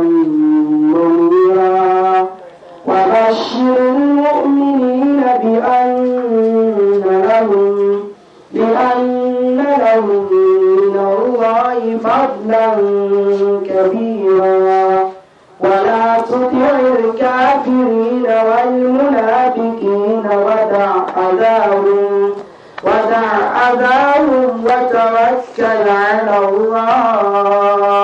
منيرا وبشر المؤمنين بأن لهم بأن لهم من الله فضلا كبيرا ولا تطع الكافرين والمنافقين ودع أذاهم ودع أذاهم وتوكل على الله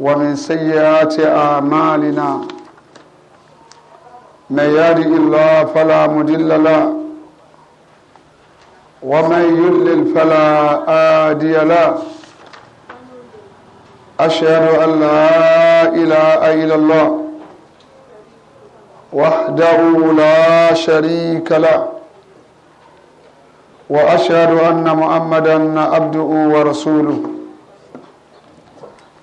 ومن سيئات أعمالنا من يهد الله فلا مضل له ومن يضلل فلا هادي له أشهد أن لا إله إلا الله وحده لا شريك له وأشهد أن محمدا عبده ورسوله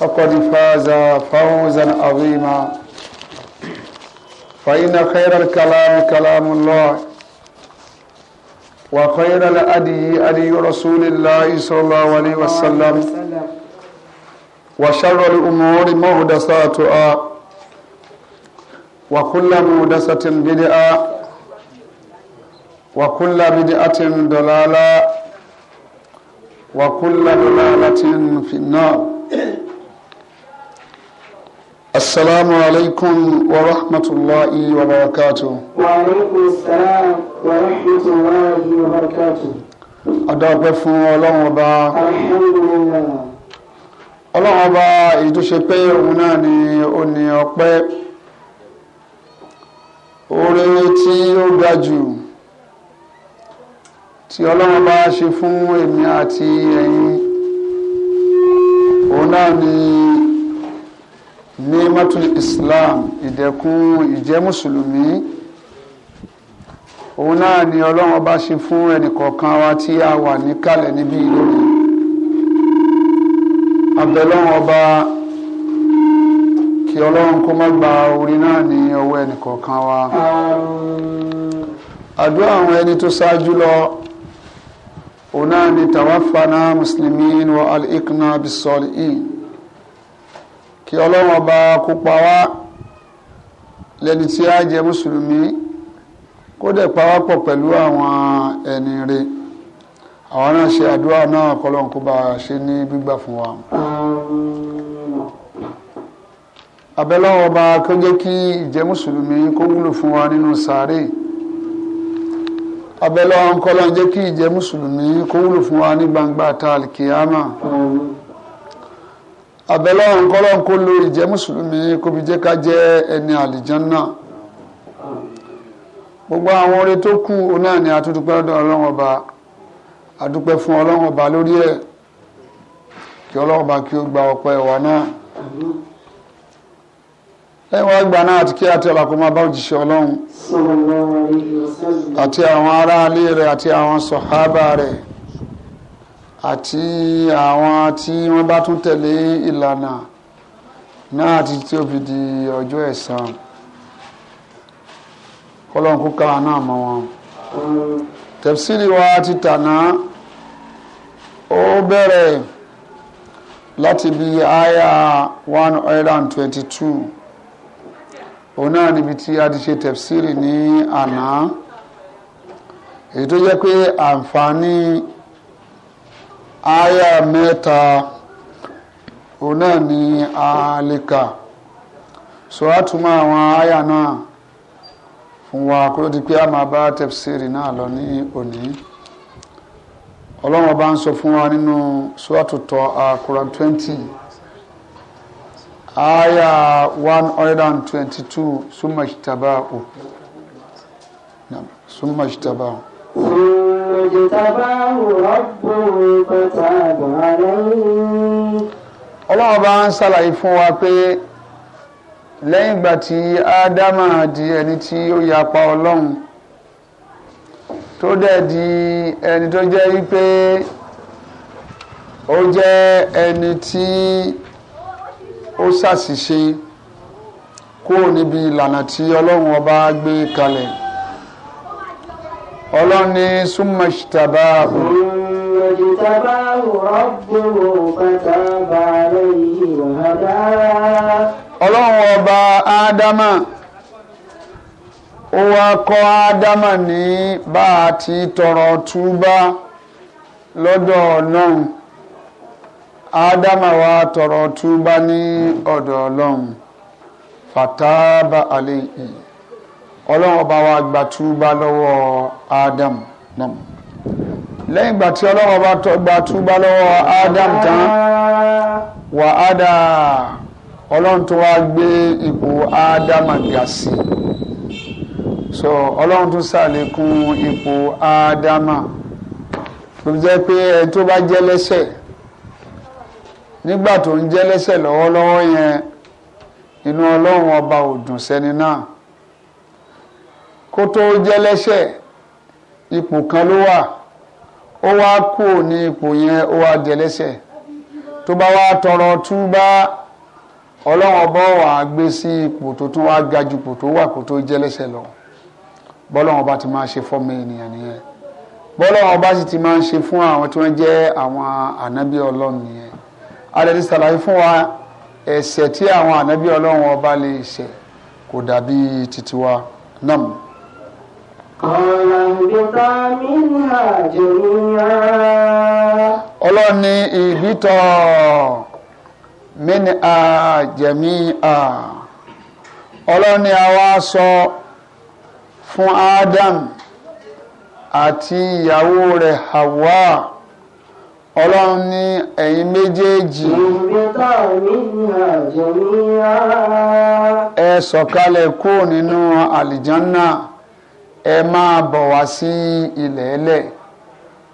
فقد فاز فوزا عظيما فإن خير الكلام كلام الله وخير الأدي أدي رسول الله صلى الله عليه وسلم وشر الأمور مهدساتها وكل مهدسة بدعة وكل بدعة ضلالة وكل ضلالة في النار السلام عليكم ورحمة الله وبركاته وعليكم السلام ورحمة الله وبركاته Adáwọ̀pẹ́ fún ọlọ́run ọba. Alhamdulillah. Ọlọ́run ọba èyí tó ṣe pé òun náà ni ó ní ọpẹ́. Oore tí ó ga jù tí ọlọ́run ọba ṣe fún èmi àti ẹ̀yin. Òun náà ni ni'matul islam ìdẹ̀kùn ìjẹ́ mùsùlùmí òun náà ni ọlọ́run ọba ṣe fún ẹnìkọ̀ọ̀kan wa tí a wà níkàlẹ̀ níbí lónìí abẹ́lọ́run ọba kí ọlọ́run kó má gba orí náà ní ọwọ́ ẹnìkọ̀ọ̀kan wa àdúrà àwọn ẹni tó ṣáájú lọ òun náà ni tàwáfà náà muslimin wa al-ikna bisolihin kí ọlọ́run ọba kó pa wá lẹ́ni tí a jẹ́ mùsùlùmí kó dẹ̀ pa pẹ̀lú àwọn ẹni rẹ̀ àwọn náà ṣe àdúrà náà kọlọ́run kó bá ṣe ní gbígbà fún wa abẹ́lọ́wọ́ ọba kó jẹ́ kí ìjẹ́ mùsùlùmí kó wúlò fún wa nínú sàárè abẹ́lọ́wọ́ kọ́lọ́run jẹ́ kí ìjẹ́ mùsùlùmí kó wúlò fún wa ní gbangba tal kiyama. Mm -hmm àbẹ̀lọ́run kọ́lọ́run kó lo ìjẹ́ mùsùlùmí kó fi jẹ́ ká jẹ́ ẹni àlìjánná gbogbo àwọn oore tó kù náà ni àtúndúpẹ́ lọ́dọ̀ ọlọ́run ọba àdúpẹ́ fún ọlọ́run ọba lórí ẹ̀ kí ọlọ́run ọba kí ó gba ọpẹ́ wa náà lẹ́yìn wá gbà náà àti kí àti ọ̀la máa bá òjìṣẹ́ ọlọ́run àti àwọn aráalé rẹ̀ àti àwọn sọ̀hábà rẹ̀ àti àwọn tí wọ́n bá tún tẹ̀lé ìlànà náà àti tí ó fi di ọjọ́ ẹ̀san kọ́lọ́n kó káwa náà mọ́ wọn. tẹ̀sílì wa ti tàná ó bẹ̀rẹ̀ láti bí àyà one hundred and twenty-two òun náà níbi tí a ti ṣe tẹ̀sílì ní àná èyí tó jẹ́ pé àǹfààní. Aya mẹ́ta òun náà ni àlèkà so a túmọ̀ àwọn àyà náà fún wa kó ló di pé a máa bá tẹ̀síìrì náà lọ ní òní ọlọ́run ọba ń sọ fún wa nínú sọ́ọ̀tù tọ́ àkùrán twenty aya one hundred and twenty-two summa ijtabahu. Naam, summa اجتباه ربه فتاب عليه. ọlọ́run bá ń ṣàlàyé fún wa pé lẹ́yìn ìgbà tí ádámà di ẹni tí ó yapa ọlọ́run tó dẹ̀ di ẹni tó jẹ́ wípé ó jẹ́ ẹni tí ó ṣàṣìṣe kúrò níbi ìlànà tí ọlọ́run ọba gbé kalẹ̀ ọlọ́run ní súnmọ́ ṣìtàbá o. ṣìtàbá rọ́bùrù bàtàbà rẹ̀ yìí wàhálà. ọlọ́run ọba ádámà ó wá kọ́ ádámà ní bá a ti tọrọ túbá lọ́dọ̀ ọlọ́run ádámà wá tọrọ túbá ní ọ̀dọ̀ ọlọ́run fàtàbà àlẹ́ yìí ọlọ́run ọba wa gba túbá lọ́wọ́ ádámù náà lẹ́yìn ìgbà tí ọlọ́run ọba gba túbá lọ́wọ́ ádámù tán wà ádá ọlọ́run tó wá gbé ipò ádámù ga sí so ọlọ́run tún ṣàlékún ipò ádámù tó jẹ́ pé ẹni tó bá jẹ́ lẹ́sẹ̀ nígbà tó ń jẹ́ lẹ́sẹ̀ lọ́wọ́lọ́wọ́ yẹn inú ọlọ́run ọba ò dùn sẹ́ni náà kó tó jẹ́ lẹ́ṣẹ̀ ipò kan ló wà ó wá kú ní ipò yẹn ó wá jẹ lẹ́ṣẹ̀ tó bá wá tọrọ túbá ọlọ́run ọba wà á gbé sí ipò tó tún wá ga ju ipò tó wà kó tó jẹ́ lẹ́ṣẹ̀ lọ bọ́lọ́run ọba ti máa ṣe fọ́mọ ènìyàn nìyẹn bọ́lọ́run ọba sì ti máa ń ṣe fún àwọn tí wọ́n jẹ́ àwọn ànábì ọlọ́run nìyẹn adẹ́ni ṣàlàyé fún wa ẹ̀ṣẹ̀ tí àwọn ànábì ọlọ́run ọba lè ṣẹ̀ kò dàbí titiwa náà. ọlọ́run ní ìbítọ̀ mini a jẹ̀mí a ọlọ́run àwa sọ fún Adam àti ìyàwó rẹ̀ Hawa ọlọ́run ní ẹ̀yin méjèèjì ẹ sọ̀kalẹ̀ kúrò nínú àlìjánná. ẹ máa bọ̀ wá sí ilẹ̀ ẹlẹ̀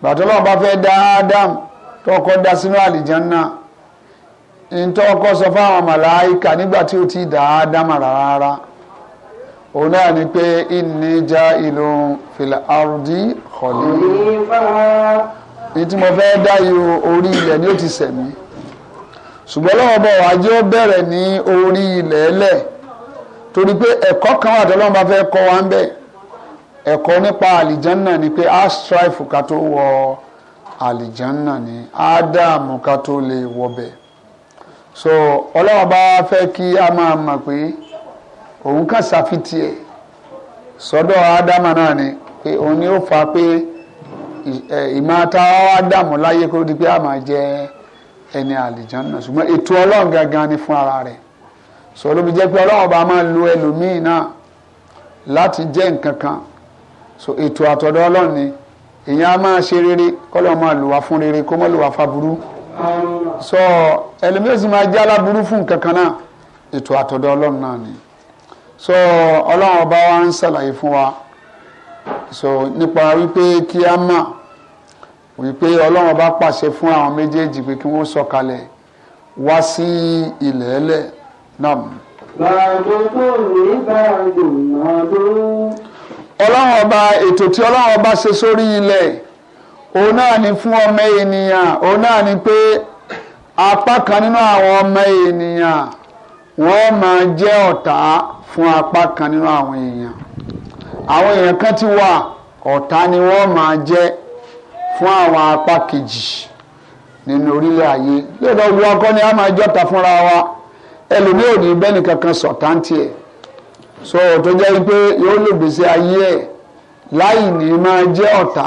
gbàtọ́lọ́ bá fẹ́ dá Adam tọkọ dá sínú àlìjánná ntọ́kọ sọ fáwọn màláìka nígbà tí ó ti dá Adam rárá òun náà ni pé inni ja'ilun fil ardi khalifa ní tí mo fẹ́ dá yìí orí ilẹ̀ ni ó ti sẹ̀mí ṣùgbọ́n lọ́wọ́ bọ̀ wá jẹ́ ó bẹ̀rẹ̀ ní orí ilẹ̀ ẹlẹ̀ torí pé ẹ̀kọ́ kan wà tọ́lọ́mọba fẹ́ kọ́ wa ń bẹ́ẹ̀ ẹ̀kọ́ nípa àlìjánà ni pé a strive tó wọ àlìjánà ni ádámù tó lè wọbẹ̀ so ọlọ́wọ́ bá fẹ́ kí a máa mọ̀ pé òun kàn ṣàfitì ẹ̀ sọ́dọ̀ ádámù náà ni pé òun ni ó fa pé ìmáta ádámù láyé kó di pé a máa jẹ ẹni ṣùgbọ́n ètò ọlọ́run gangan ara rẹ̀ ló fi jẹ́ pé ọlọ́wọ́ bá máa lo ẹlòmíì náà láti so ètò àtọ̀dọ̀ ọlọ́run ni èyàn á máa ṣe rere kọ́lọ́ máa lò wá fún rere kó má lò wá faburú so ẹlẹ́mẹ̀sì máa jẹ́ aláburú fún nǹkan kan náà ètò àtọ̀dọ̀ ọlọ́run náà ni so ọlọ́run ọba wa ń ṣàlàyé fún wa so nípa wípé kí á mà wípé ọlọ́run ọba pàṣẹ fún àwọn méjèèjì pé kí wọ́n sọ̀kalẹ̀ wá sí ilẹ̀ ẹlẹ̀ náà. bàbá tó ní bá a náà lóhùn. ọlọ́run ọba ètò tí ọlọ́run ọba ṣe sórí ilẹ̀ òun náà ni fún ọmọ ènìyàn òun náà ni pé apá kan nínú àwọn ọmọ ènìyàn wọ́n máa jẹ́ ọ̀tá fún apá kan nínú àwọn èèyàn àwọn èèyàn ti wà ọ̀tá ni wọ́n máa jẹ́ fún àwọn apá kejì nínú orílẹ̀ ayé wa ẹlòmíràn ò ní bẹ́ẹ̀ so tó jẹ́ pé yóò lò gbèsè ayé ẹ̀ láì ní máa jẹ́ ọ̀tá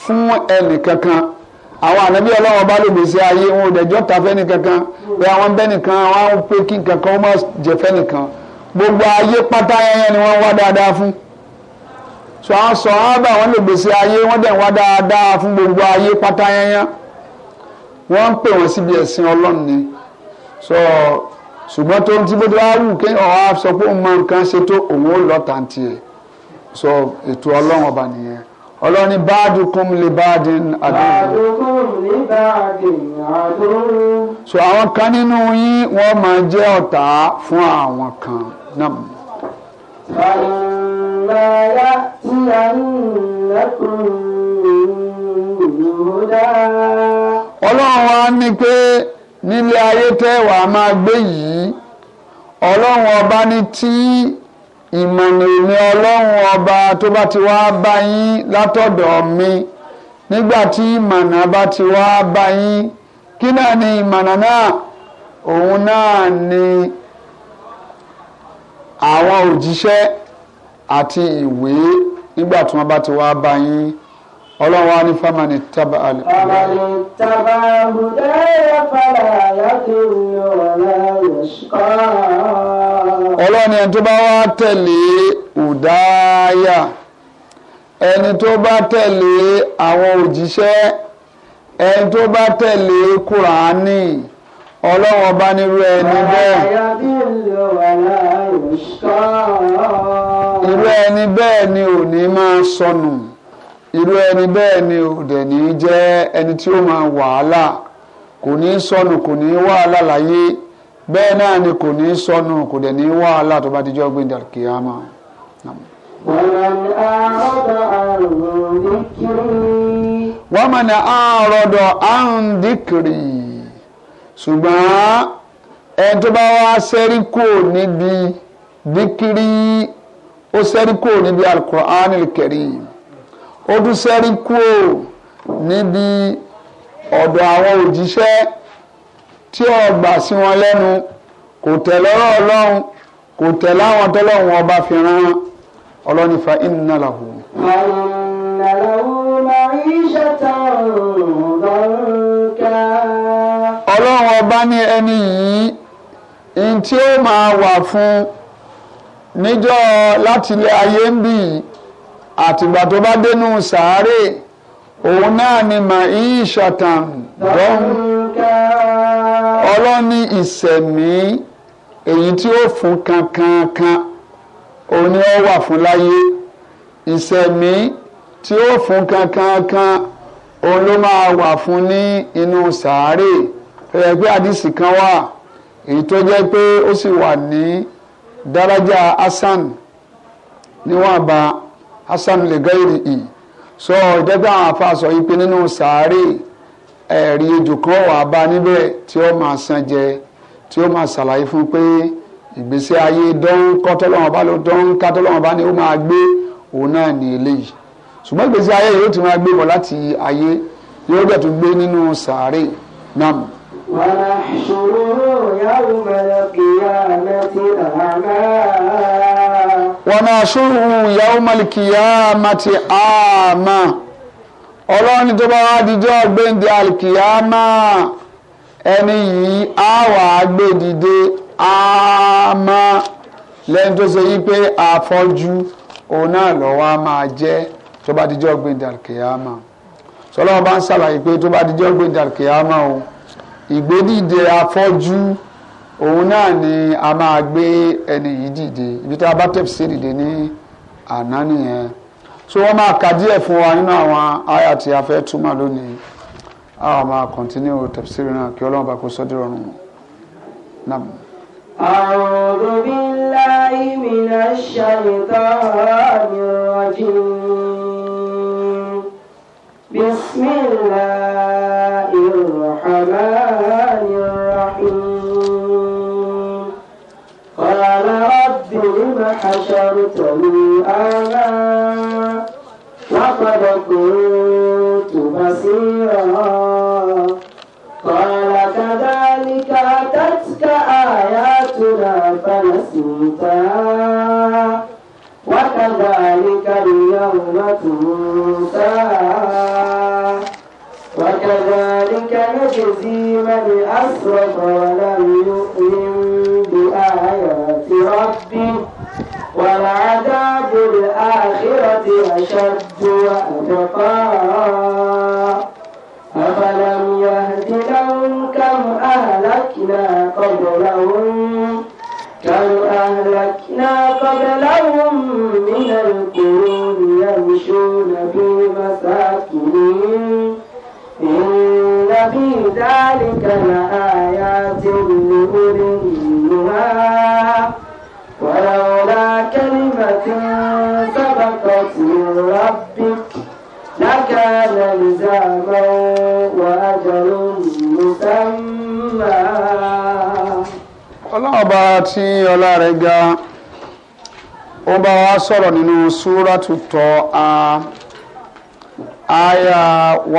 fún ẹnì kankan àwọn ànábí ọlọ́wọ́ bá lò gbèsè ayé wọn ò dẹ̀jọ́ ta fẹ́ni kankan pé àwọn bẹ́nìkan àwọn pé kí nǹkan kan má jẹ fẹ́nìkan gbogbo ayé pátá ẹyẹ ni wọ́n wá dáadáa fún so àwọn sọ wọn bá wọn lò gbèsè ayé wọn dẹ̀ wá dáadáa fún gbogbo ayé pátá ẹyẹ wọ́n pè wọ́n síbi ẹ̀sìn ọlọ́run ni so ṣùgbọ́n tó ń tí bó ti wá wù kí ọ̀ á sọ pé òun máa nǹkan ṣe tó òun ó lọ tàǹtì ẹ̀ sọ ètò ọlọ́run ọba nìyẹn ọlọ́run ní báàdù kún lè báàdì àdúgbò. so àwọn kan nínú yín wọ́n máa jẹ́ ọ̀tá fún àwọn kan náà. فَإِمَّا يَأْتِيَنَّكُم مِّنِّي هُدًى ọlọ́run wa ní pé nílé ayé tẹ́wàá máa gbé yìí ọlọ́run ọba ní tí ìmọ̀nì ni ọlọ́run ọba tó bá ti wá bá yín látọ̀dọ̀ mi nígbà tí ìmọ̀nà bá ti wá bá yín kí náà ni ìmọ̀nà náà òun náà ni àwọn òjíṣẹ́ àti ìwé nígbà tí wọ́n bá ti wá bá yín ọlọ́run wa ní fámánì tábà àlẹ́. fámánì tábà àbùdá yẹ fara yàtọ̀ ìrọ̀lẹ́ ìṣúkọ́. ọlọ́run ẹni tó bá wá tẹ̀lé ùdáyà ẹni tó bá tẹ̀lé àwọn òjíṣẹ́ ẹni tó bá tẹ̀lé kùránì ọlọ́run ọba nírú ẹni bẹ́ẹ̀. irú ẹni bẹ́ẹ̀ ni ò ní máa sọnù. So irú ẹni bẹ́ẹ̀ ni ò dẹ̀ ní jẹ́ ẹni tí ó máa wàhálà kò ní sọnù kò ní wàhálà láyé bẹ́ẹ̀ náà ni kò ní sọnù kò dẹ̀ ní wàhálà tó bá ti jọ́ gbẹ̀dẹ̀ kìámà. wọ́n mọ̀ ní àárọ̀dọ̀ àǹdíkìrì ṣùgbọ́n ẹni tó bá wá sẹ́rí kò níbi díkìrì ó sẹ́rí kò níbi alukur'anil karim ó tún sẹ́rí kúrò níbi ọ̀dọ̀ àwọn òjíṣẹ́ tí ó gbà sí wọn lẹ́nu kò tẹ̀lé ọ̀rọ̀ ọlọ́run kò tẹ̀lé àwọn tọ́lọ́run ọba fi rán ọlọ́ni fa inna lahu. inna lahu ma'ishatan danka. ọlọ́run ọba ní ẹni yìí ní tí ó máa wà fún níjọ́ láti ilé ayé ń bì yìí àtìgbà tó bá dénú sàárè òun náà ni mà í ṣàtàn lọ́hùn ọlọ́ni ìṣẹ̀mí èyí tí ó fún kankankan òun ni ó wà fún láyé ìṣẹ̀mí tí ó fún kankankan òun ló máa wà fún ní inú sàárè fẹ́rẹ̀ pé àdìsí kan wà èyí tó jẹ́ pé ó sì wà ní dárájà hasan níwọ̀nba hasan lè gẹ́ ìrì ì sọ ìdẹ́gbẹ́ àwọn afa sọ yìí pé nínú sàárè ẹ̀rí ejò kan wà bá níbẹ̀ tí ó máa san jẹ tí ó máa ṣàlàyé fún pé ìgbésí ayé dán kọ́tọ́lọ́wọ́n bá ló dán kátọ́lọ́wọ́n bá ní ó máa gbé òun náà ní eléyìí ṣùgbọ́n ìgbésí ayé yóò ti máa gbé bọ̀ láti ayé yóò dẹ̀ tún gbé nínú sàárè náà. wàhálà ṣòro yàwó mẹ́lẹ̀ kìí àmẹ́ sí wa nahshuruhu yawmal qiyamati a'ma ọlọ́run tó bá wá dijọ́ gbéǹde àlìkìyàmá ẹni yìí á wà á gbé dìde àmà lẹ́yìn tó ṣe yí pé àfọ́jú òun náà lọ́wọ́ á máa jẹ́ tó bá dijọ́ gbéǹde àlìkìyàmá sọlọ́wọ́n bá ń ṣàlàyé pé tó bá dijọ́ gbéǹde àlìkìyàmá o ìgbédìde àfọ́jú òun náà ni a máa gbé ẹni yìí dìde ibi tá a bá tẹ̀sí dìde ní àná nìyẹn so wọ́n máa ka díẹ̀ fún wa nínú àwọn àyà tí a fẹ́ túmọ̀ lónìí a máa kọ̀ntínú tẹ̀sí náà kí ọlọ́run bá kó sọ́dọ̀ rọrùn náà. أعوذ بالله من الشيطان الرجيم بسم الله الرحمن الرحيم حشرتني أعمى وقد كنت بصيرا قال كذلك أتتك آياتنا فنسيتها وكذلك اليوم تنسى وكذلك نجزي من أسرف ولم يؤمن بآيات ربه والعذاب الآخرة أشد وأبقى أفلم يهد لهم كم أهلكنا قبلهم كم أهلكنا قبلهم من القرون يمشون في مساكنهم إن في ذلك لآيات لأولي النهى رحمة سبقت من ربك لكان لزاما وأجل مسمى ọlọ́run ọba tí ọlá rẹ̀ ga ó bá wa sọ̀rọ̀ nínú súrátù tọ́ a aya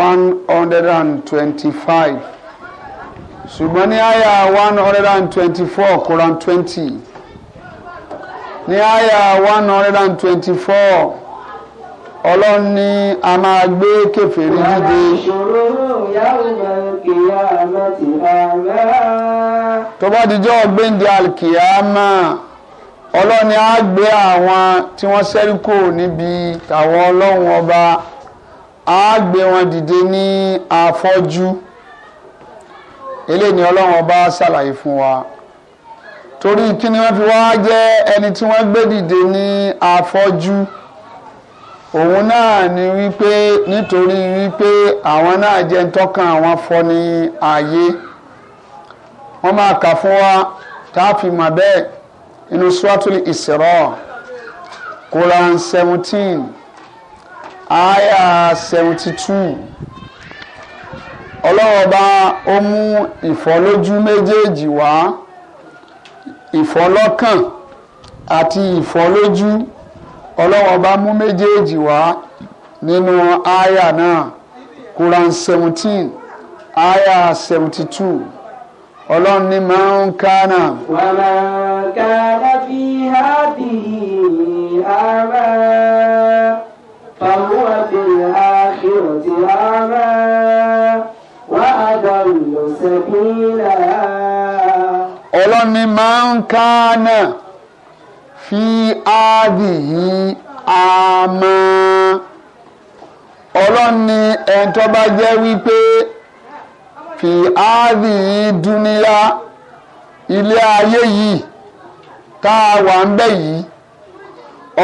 one hundred and twenty-five ṣùgbọ́n ní aya one hundred and twenty-four Quran twenty ní àyà one hundred and twenty-four ọlọ́run ní a máa gbé kèfèrí dìde. tó bá dijọ́ gbéǹde alkiyama ọlọ́run ní a gbé àwọn tí wọ́n ṣẹ́rí kò níbi tàwọn ọlọ́run ọba a gbé wọn dìde ní afọ́jú eléyìí ni ọlọ́run ọba ṣàlàyé fún wa torí kí ni wọ́n fi wá jẹ́ ẹni tí wọ́n gbé dìde ní afọ́jú òun náà ni wípé nítorí wípé àwọn náà jẹ́ ń tọ́kàn àwọn fọ́ ní ayé wọ́n máa kà fún wa tá a fi mọ̀ bẹ́ẹ̀ inú Suratul Isra Quran seventeen aya seventy two ọlọ́wọ́ bá ó mú ìfọ́lójú méjèèjì wá ìfọlọ́kàn àti ìfọlójú ọlọ́wọ́ bá mú méjèèjì wá nínú àyà náà Quran seventeen àyà seventy two ọlọ́run ní máa ń kánà. wàlá kánà fi hábì àmà fàwọn fi àkìrò ti àmà wà á dàrú lọ sẹ́bí ọlọ́ni máa ń ká náà fi áàdì yìí àmọ́ ọlọ́ni ẹni tó bá jẹ́ wípé fi áàdì yìí dúníyá ilé ayé yìí tá a wà ń bẹ̀ yìí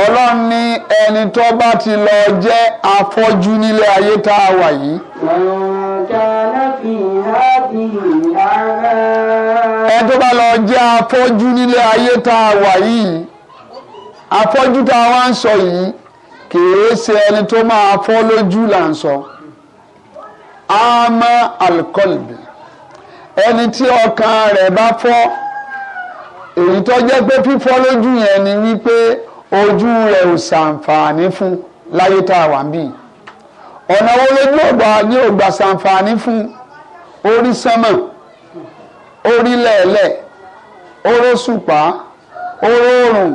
ọlọ́run ní ẹni tó bá ti lọ jẹ́ afọ́jú nílé ayé tá a wà yìí. ọ̀rọ̀ kan náà fi hábì rárá ẹ tó bá lọ jẹ́ afọ́jú nílé ayé tá a wà yìí afọ́jú tá a wá ń sọ yìí kìí ṣe ẹni tó máa fọ́ lójú là ń sọ ama alikọlbi ẹni tí ọkàn rẹ̀ bá fọ́ èyí tó jẹ́ pé fífọ́ lójú yẹn ni wípé ojú rẹ̀ ò ṣàǹfààní fún láyé tá a wà ń bì ọ̀nà wo lójú ọ̀gbà ni ò gbà ṣàǹfààní fún orí sánmọ̀ orí lẹ́ẹ̀lẹ̀ oróṣùpá oróòrùn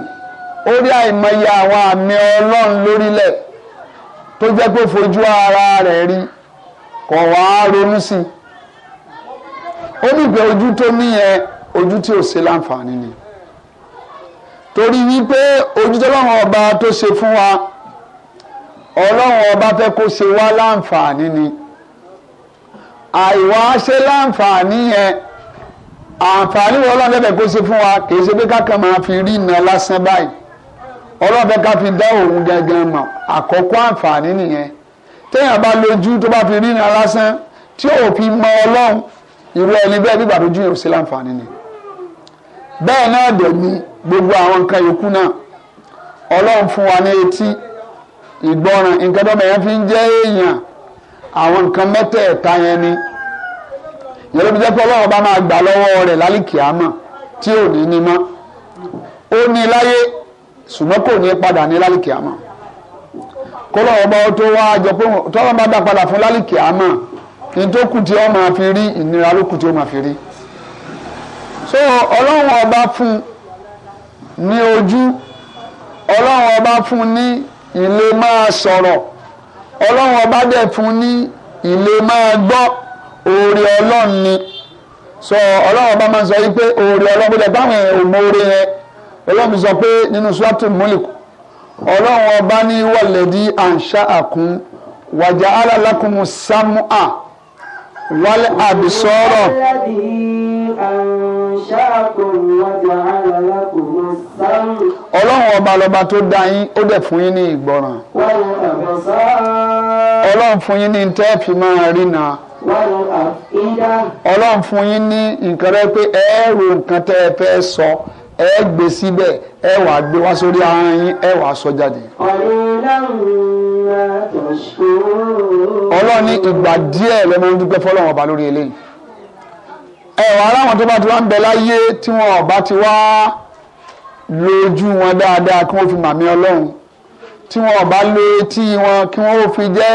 orí àìmọye àwọn àmì ọlọ́run lórílẹ̀ tó jẹ́ pé fojú ara rẹ̀ rí kò wá ronú sí i ó dìgbà ojú tó ní yẹn ojú tí ò ṣe láǹfààní ni torí wípé ojú tó lọ́wọ́ ọba tó ṣe fún wa ọlọ́run ọba fẹ́ kó ṣe wá láǹfààní ni àìwá ṣe láǹfààní yẹn àǹfààní wọn ọlọ́run fẹ́ kó fún wa kì í ṣe fi rí iná lásán báyìí ọlọ́run ká fi dá òun gangan mọ̀ àkọ́kọ́ àǹfààní nìyẹn téèyàn bá lójú tó bá fi rí iná lásán tí ò fi mọ ọlọ́run irú ẹni bẹ́ẹ̀ bíbà tó júyàn sí láǹfààní ni bẹ́ẹ̀ náà dẹ̀ gbogbo àwọn nǹkan yòókù náà fún wa ní etí ìgbọràn ni. ìyẹn ló fi jẹ́ pé ọlọ́run bá máa gbà lọ́wọ́ rẹ̀ lálìkìámà tí ò ní ní mọ́ ó ní láyé ṣùgbọ́n kò ní padà ní lálìkìámà kó lọ́wọ́ bá tó wá jọ pé tọ́wọ́n bá dá padà fún lálìkìámà ní tó kù tí ó máa fi rí ìnira ló kù tí ó máa fi rí so ọlọ́run ọba fún ní ojú ọlọ́run ọba fún ní ilé máa sọ̀rọ̀ ọlọ́run ọba dẹ̀ fún ní ilé máa gbọ́ oore ọlọ́run ni sọ ọlọ́run ọba máa ń sọ yìí pé oore ọlọ́run bóyá báwọn èèyàn ò mọ oore yẹn ọlọ́run sọ pé nínú suratul mulk ọlọ́run ọba ní wàlẹ́dí àǹṣá àkún wàjà alálàkùnmù sámúà wálé àbísọ́rọ̀. ọlọ́run ọba lọ́ba tó dá yín ó dẹ̀ fún yín ní ìgbọràn ọlọ́run fún yín ní tẹ́ẹ̀fì máa rí náà ọlọ́run fún yín ní nǹkan rẹ pé ẹ ro nǹkan tẹ́ ẹ fẹ́ sọ ẹ gbé síbẹ̀ ẹ wà gbé wá sórí ara yín ẹ wà sọ jáde. ọlọ́run ní ìgbà díẹ̀ ló máa ń dúpẹ́ fọlọ́run ọba lórí eléyìí. ẹ wà aráwọn tó bá ti wá ń bẹ láyé tí wọn ọba ti wá lójú wọn dáadáa kí wọn fi màmí ọlọ́run tí wọn ọba lo etí wọn kí wọn ó fi jẹ́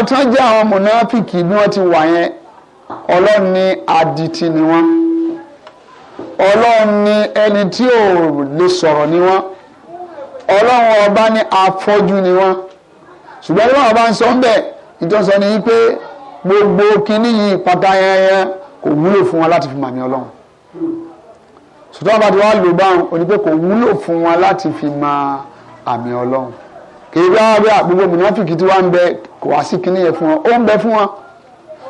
àwọn tí wọ́n jẹ́ àwọn mọ̀nàfìkì bí wọ́n ti wà yẹn ọlọ́run ní adití ni wọ́n ọlọ́run ní ẹni tí ò lè sọ̀rọ̀ ni wọ́n ọlọ́run ọba ní afọ́jú ni wọ́n ṣùgbọ́n ọlọ́run ọba ń sọ ńbẹ̀ ìjọsọ ni pé gbogbo kínní yìí pátá yẹnyẹn kò wúlò fún wọn láti fi màmí ọlọ́run ṣùgbọ́n ọba tí wọ́n lò báwọn onípe kò wúlò fún wọn láti fi ma àmì ọlọ́run kì í bá wá gbogbo mùnàfíkì tí wọ́n ń bẹ kò wá sí kíní yẹn fún wọn ó ń bẹ fún wọn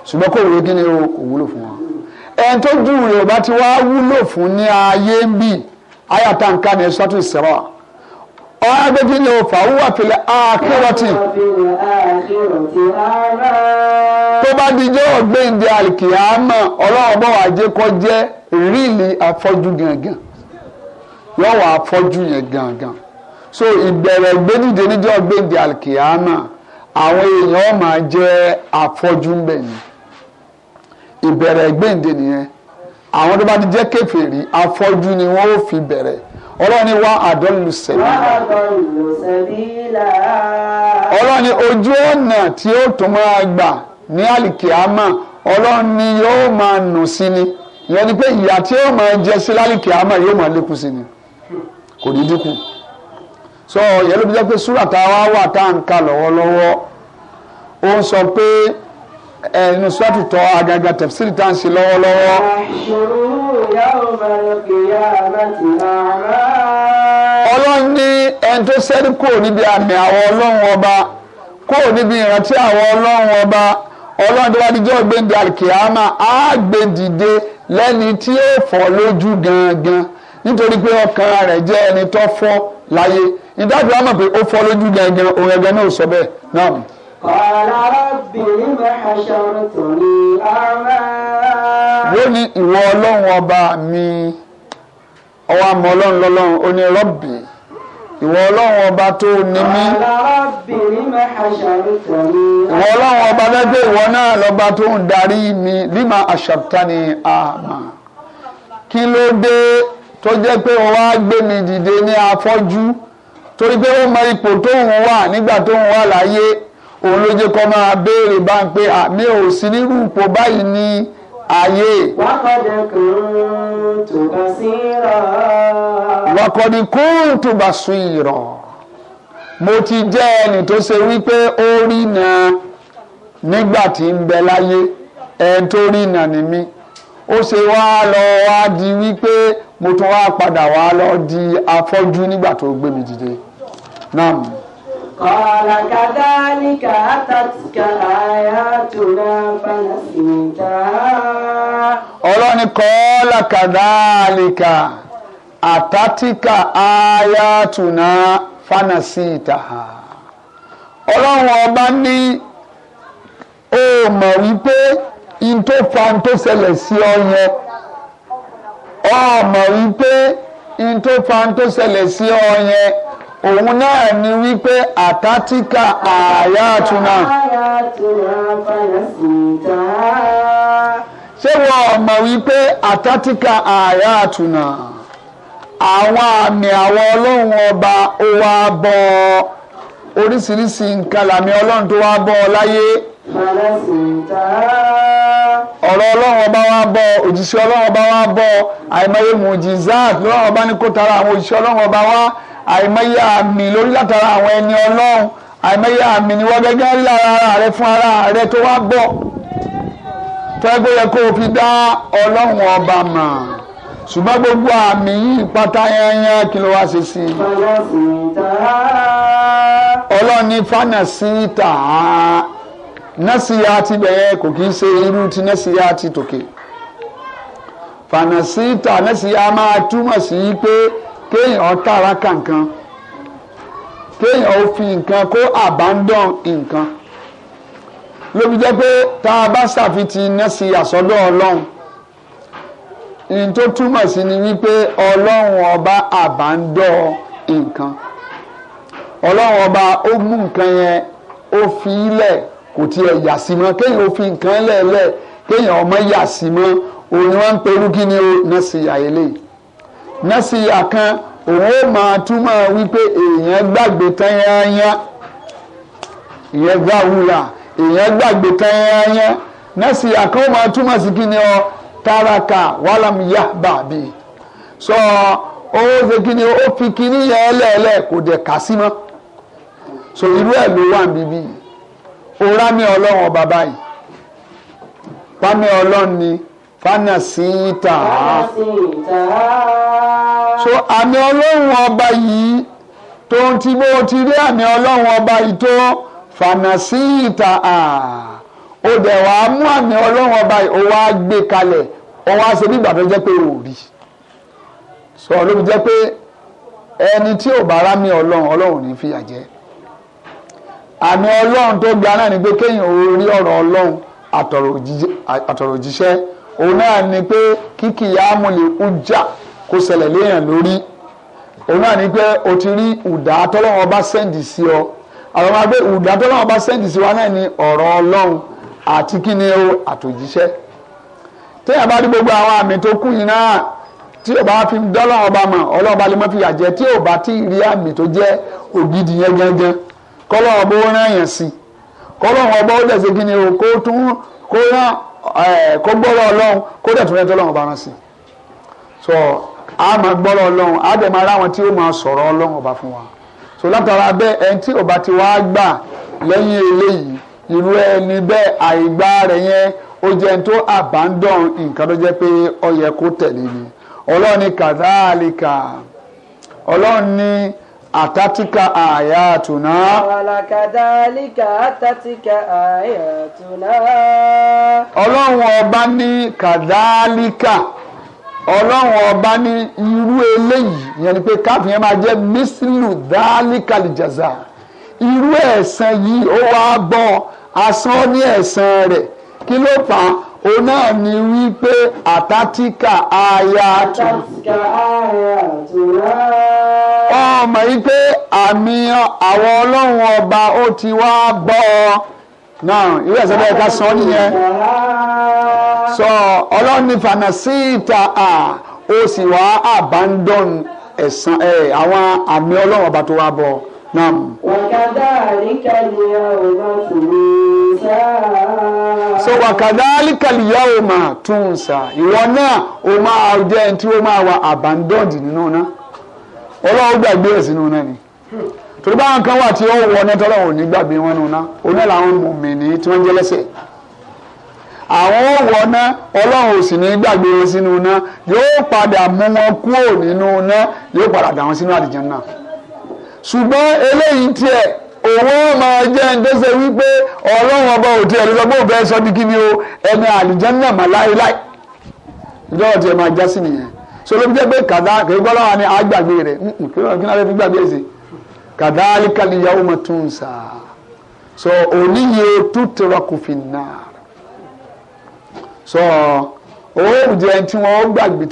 ṣùgbọ́n kò wúlò kíní o kò wúlò fún wọn. ẹn tó ju rẹ̀ bá ti wá wúlò fún ní ayé ń bì ayàtà nǹkan ní sọ́tù ìsẹ̀rọ̀ ọ̀rẹ́dẹ́gbẹ́ ni o fàwọ́ àfẹlẹ́ àkérọ́tì tó bá dijọ́ gbẹ̀ǹdé àlìkìyàmọ̀ ọlọ́run bọ̀ wá jẹ́ kọ́ jẹ́ ríìlì afọ́jú gangan yọ̀wọ̀ afọ́jú gangan so ìbẹ̀rẹ̀ gbẹ́dìde níjọ́ gbẹ̀dì alkiyama àwọn èèyàn máa jẹ́ afọ́jú ń bẹ̀ ni ìbẹ̀rẹ̀ gbẹ̀dìde nìyẹn àwọn tó bá ti jẹ́ kèfèrí afọ́jú ni wọ́n ó fi bẹ̀rẹ̀ ọlọ́run ni wá àdọ́lù sẹ́bílà ọlọ́run ni ojú ọ̀nà tí ó tún máa gbà ní àlìkíámà ọlọ́run ni yóò máa nù sí ni ìyẹn ni pé ìyà tí yóò máa jẹ sí lálìkíámà yóò máa lékún sí ni kò ní dínkù sọ yẹn ló fi jẹ́ pé súrà tá a wá wà tá à ń ka lọ́wọ́lọ́wọ́ ó ń sọ pé ẹnu sọ́ọ̀tù tọ́ agaga tẹ̀síìrì tá à ń ṣe lọ́wọ́lọ́wọ́. ọlọ́run ní ẹni tó sẹ́rí kúrò níbi àmì àwọn ọlọ́run ọba kúrò níbi ìrántí àwọn ọlọ́run ọba ọlọ́run tó bá di jọ́ gbèǹde àlùkìyàmà á gbèǹdìde lẹ́ni tí yóò fọ́ lójú gangan nítorí pé ọkàn rẹ̀ jẹ́ ẹni tó fọ́ láyé ìdájọ́ àmọ̀ pé ó fọ́ lójú gangan òun ẹgbẹ́ náà sọ bẹ́ẹ̀ náà. Kọ̀ọ̀lá rábì lima hashartuni a'ma. Wọ́n ní ìwọ ọlọ́run ọba mi, ọwọ́ àmọ́ ọlọ́run lọ́lọ́run, ó ní rọ́bì ìwọ ọlọ́run ọba tó ní mí. ìwọ ọlọ́run ọba lẹ́gbẹ́ ìwọ náà lọ́ba tó ń darí mi lima àṣàtà ni àmà. kí ló dé tó jẹ́ pé wọ́n wá gbé mi dìde ní afọ́jú torí pé wọ́n mọ ipò tóun wà nígbà tóun wà láyé òun ló jẹ́ kó máa béèrè bá ń pé àmì ò sí nírú ipò báyìí ní ayé. wákọ̀dé kúntù bá sí rọ̀. wákọ̀dé kúntù bá sí rọ̀. mo ti jẹ́ ẹni tó ṣe wípé ó rí na nígbà tí ń bẹ láyé ẹni tó rí na ni mí ó ṣe wá lọ wá di wípé mo tún wá padà wá lọ di afọ́jú nígbà tó gbé mi dìde náà. Kọ́lá kadhalika àtàtìkà àyàtúrà fanasita. Ọlọ́ni kọ́lá kadhalika àtàtìkà àyàtúrà fanasita. Ọlọ́run ọba ní ó mọ̀ wípé ntòfà ntòsẹlẹ̀ sí ọ yẹn. ọmọ wípé ntòfà tó ṣẹlẹ̀ sí ọ yẹn òun náà ni wípé àtàtìkà àyà àtúnà. ṣé wọ́n ọmọ wípé àtàtìkà àyà àtúnà àwọn àmì àwọn ọlọ́run ọba ó wá bọ́ ọ. oríṣiríṣi nǹkan làmì ọlọ́run tó wá bọ́ ọ láyé. ọ̀rọ̀ ọlọ́run ọba wá bọ́ òjíṣẹ́ ọlọ́run ọba wá bọ́ àìmọye mujizat lọ́run ọba ní kó tara àwọn òjíṣẹ́ ọlọ́run ọba wá àìmọye àmì lórí látara àwọn ẹni ọlọ́run àìmọye àmì ni wọ́n gẹ́gẹ́ rí lára ara rẹ fún ara rẹ tó wá bọ̀ tọ́gbẹ́ yẹ kó o fi dá ọlọ́run ọba mọ̀ ṣùgbọ́n gbogbo àmì yìí pátá yẹnyẹn kí ló wá ṣe sí i. ọlọ́run ní fánà sí ìta nẹ́sìyá ti bẹ̀rẹ̀ kò kí ń ṣe irú ti nẹ́sìyá ti tòkè. fànà sí ìta nẹ́sìyá máa túmọ̀ sí pé kéèyàn tààrà kankan kéèyàn fi nǹkan kó abandon nǹkan ló fi jẹ́ pé tá a bá ṣàfitì nẹ́sìyá sọ́dọ̀ ọlọ́run n tó túmọ̀ sí ni wípé ọlọ́run ọba àbándọ́ nǹkan ọlọ́run ọba ó mú nǹkan yẹn ó fi í lẹ̀ kò tiẹ̀ yà sí mọ́ kéèyàn ó fi nǹkan lẹ̀ lẹ̀ kéèyàn ọmọ yà sí mọ́ òun ni wọ́n ń perú kí ni ó nọ́ọ̀sìyà eléyìí nọ́ọ̀sìyà kan òun ó máa túmọ̀ wípé èèyàn gbàgbé tán yányán gbàwúrà èèyàn gbàgbé tán nọ́ọ̀sìyà kan ó máa túmọ̀ sí kí ni ọ tàràkà wàlámùyá bàbí sọ ó ṣe kíni ó fi kíní yẹn ẹlẹ́ẹ̀lẹ́ kò dẹ̀ kà sí so irú ẹ̀ ló wà níbí òrá ní ọlọ́run ọba báyìí fámi ọlọ́run ni fana síta so àmì ọlọ́run ọba yìí tó ń ti bó ti rí àmì ọlọ́run ọba yìí tó fana síta O dẹ̀ wá mú àmì ọlọ́run ọba yìí ó wá gbé kalẹ̀ ó wá ṣe bígbà tó jẹ́ pé rí ẹni tí ò bá mi ọlọ́run ọlọ́run ní fìyà jẹ́. àmì ọlọ́run tó gba náà ni pé kéèyàn ò rí ọ̀rọ̀ ọlọ́run àtọ̀rọ̀ òjíṣẹ́ òun náà ni pé kíkì ṣẹlẹ̀ ọlọ́run àti kí ni o àtòjíṣẹ́ téèyàn bá rí gbogbo àwọn àmì tó kù yìí náà tí o bá fi dọ́là ọba mọ̀ ọlọ́ọ̀ba lè mọ́ fi yà jẹ tí o bá ti rí àmì tó jẹ́ ògidì yẹn gangan kọ́lọ́ ọba ó rán yẹn sí kọ́lọ́ ọba ó dẹ̀sẹ̀ kí ni o kó tún kó rán kó gbọ́rọ̀ ọlọ́run kó dẹ̀ tún rẹ́ tọ́lọ́run ọba rán sí so a máa gbọ́rọ̀ ọlọ́run a dẹ̀ máa ráwọn tí ó máa sọ̀rọ̀ ọlọ́run ọba fún wa so látara bẹ́ẹ̀ ẹni tí o bá ti wá gbà lẹ́yìn eléyìí irú ẹni bẹ́ẹ̀ àìgbá rẹ̀ yẹn ó jẹ́ tó abandon nǹkan tó jẹ́ pé ó yẹ kó tẹ̀lé ni ọlọ́run ni ọlọ́run ni àtàtìkà àyà àtùná. àtàtìkà àyà àtùná. ọlọ́run ọba ní kàdáàlìkà ọlọ́run ọba ní irú eléyìí yẹn ni pé káfíńyẹn máa jẹ́ mísìlù dáálìkàlì irú ẹ̀sán yìí ó wá asán ní ẹ̀san rẹ̀ kí ló fà á òun náà ni wípé àtàtìkà aya tù. àtàtìkà aya tù rà. ọmọ yìí pé àmì àwọn ọlọ́run ọba ó ti wá bọ́ ọ náà irú ẹ̀sẹ̀ bẹ́ẹ̀ ká sọ nìyẹn sọ ọlọ́run ní fànàsí ìta à ó sì wá abandon ẹ̀san ẹ̀ àwọn àmì ọlọ́run ọba tó wá bọ́ Naam. So wakadhalika liyawma tunsa ìwọ náà o máa jẹ́ ẹni tí o máa wà abandoned nínú náà ọlọ́run gbàgbé ẹ̀ sínú náà ni torí báwọn kan wà tí ó wọ ọ̀nà tọ́lọ̀ ò ní gbàgbé wọn nínú náà oní làwọn mùmìnì tí wọ́n jẹ́ lẹ́sẹ̀ àwọn ò wọ náà ọlọ́run ò sì ní gbàgbé wọn sínú náà yóò padà mú wọn kúrò nínú náà yóò padà dà wọn sínú àlìjánnà náà ṣùgbọ́n eléyìí tiẹ̀ òun máa jẹ́ ẹ̀ńdẹ́sẹ̀ wípé ọlọ́run ọba òtí ẹ̀rí lọ́gbọ́n òbẹ́ sọ di kíni o ẹni àlìjẹ́nà mà láéláé ìjọba tiẹ̀ máa já sí nìyẹn so ló fi jẹ́ pé kàdá kìí gbọ́ lọ́wọ́ ni àgbàgbé rẹ̀ kí náà lè fi gbàgbé ẹ̀sìn kàdá alikali yahoo ma tún sà so oníye tó tẹ̀wá kò fi nà so òun jẹ́ tí wọ́n gbàgbé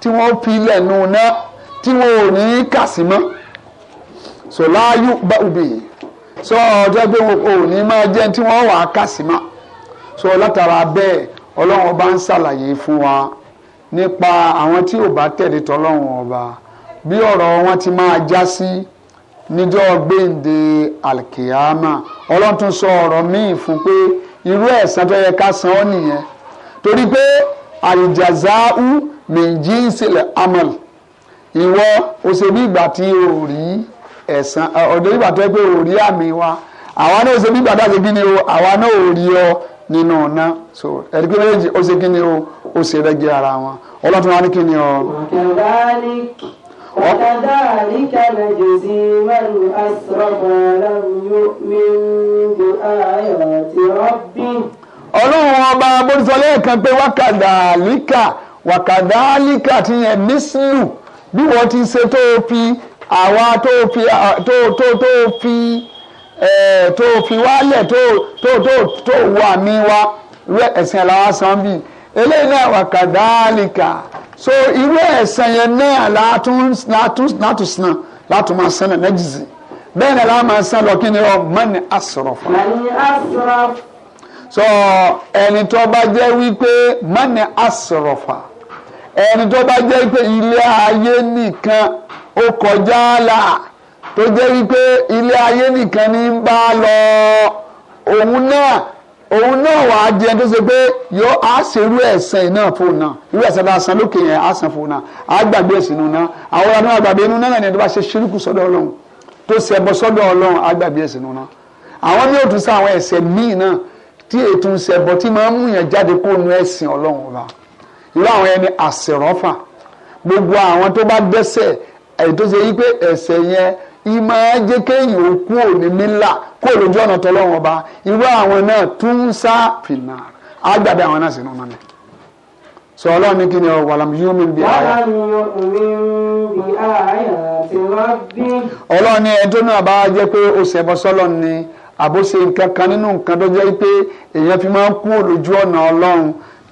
tí wọ́n fi lẹ̀ nù náà tí wọ́n ò ní kà sí mọ́ so láàyù bá ubì so ọjọ́ pé wọn ò ní máa jẹ́ tí wọ́n wà á kà sí ma so látara bẹ́ẹ̀ ọlọ́run ọba ń ṣàlàyé fún wa nípa àwọn tí ò bá tẹ̀lé tọ́lọ́run ọba bí ọ̀rọ̀ wọn ti máa já sí níjọ́ gbéǹde alkiyama ọlọ́run tún sọ ọ̀rọ̀ míì fún pé irú ẹ̀san tó yẹ ká san ọ́ nìyẹn torí pé àlìjàzáú mèjì ń sílẹ̀ amọ̀l ìwọ òṣèlú ìgbà tí o rí ẹ̀sán ọ̀dọ̀ ìgbà tó pé àmì wa àwa náà ṣe bí gbàdá ṣe kíni o àwa náà ọ nínú ọ̀nà so ẹni pé méjèèjì ó ṣe o ó ṣe rẹ́gí ara wọn ọlọ́tún tó wá ní وكذلك نجزي من أسرف لم يؤمن بآيات ربه àwa tó fi tó tó tó fi ẹ̀ eh, tó fi wálẹ̀ tó tó tó tó wà mí wá irú ẹ̀sìn àlàwà san bíi eléyìí náà wà kàdáàlìkà so irú ẹ̀sìn yẹn náà látún látún látún sàn látún máa sàn náà nẹ́jìzì bẹ́ẹ̀ náà láwọn máa sàn lọ kí ni ọ mọ́ni àsọ̀rọ̀ fún so ẹni tó bá jẹ́ wípé mọ́ni àsọ̀rọ̀ fà ẹni tó bá jẹ́ wípé ilé ayé nìkan ó kọjá àlà tó jẹ́ wípé ilé ayé nìkan ní ń bá lọ òun náà òun náà wàá jẹ tó ṣe pé yóò á ṣe irú ẹ̀sìn náà fóun náà irú ẹ̀sìn bá san lókè yẹn á san fóun náà á gbàgbé ẹ̀sìn nù náà àwọn ọ̀rọ̀ náà gbàgbé inú náà nìyẹn tó bá ṣe ṣírùkù sọ́dọ̀ ọlọ́run tó ṣe ẹbọ sọ́dọ̀ ọlọ́run á gbàgbé ẹ̀sìn nù náà àwọn ní òtún sá àwọn míì náà tí ètò ń ṣẹbọ tí máa ń mú yẹn jáde kó ẹ̀sìn ọlọ́run ẹ̀yìn tó ṣe yí pé ẹ̀ṣẹ̀ yẹn ìmọ̀ ajé kéèyàn ó kúrò ní mílà lójú ọ̀nà tọ́lọ́wọ́n ọba irú àwọn náà tún sá fìnnà àgbàdo àwọn náà sínú náà ni sọ ọlọ́run ní kí ni mi ni nǹkan kan nínú nǹkan tó jẹ́ pé èèyàn fi máa ń kú òlójú ọ̀nà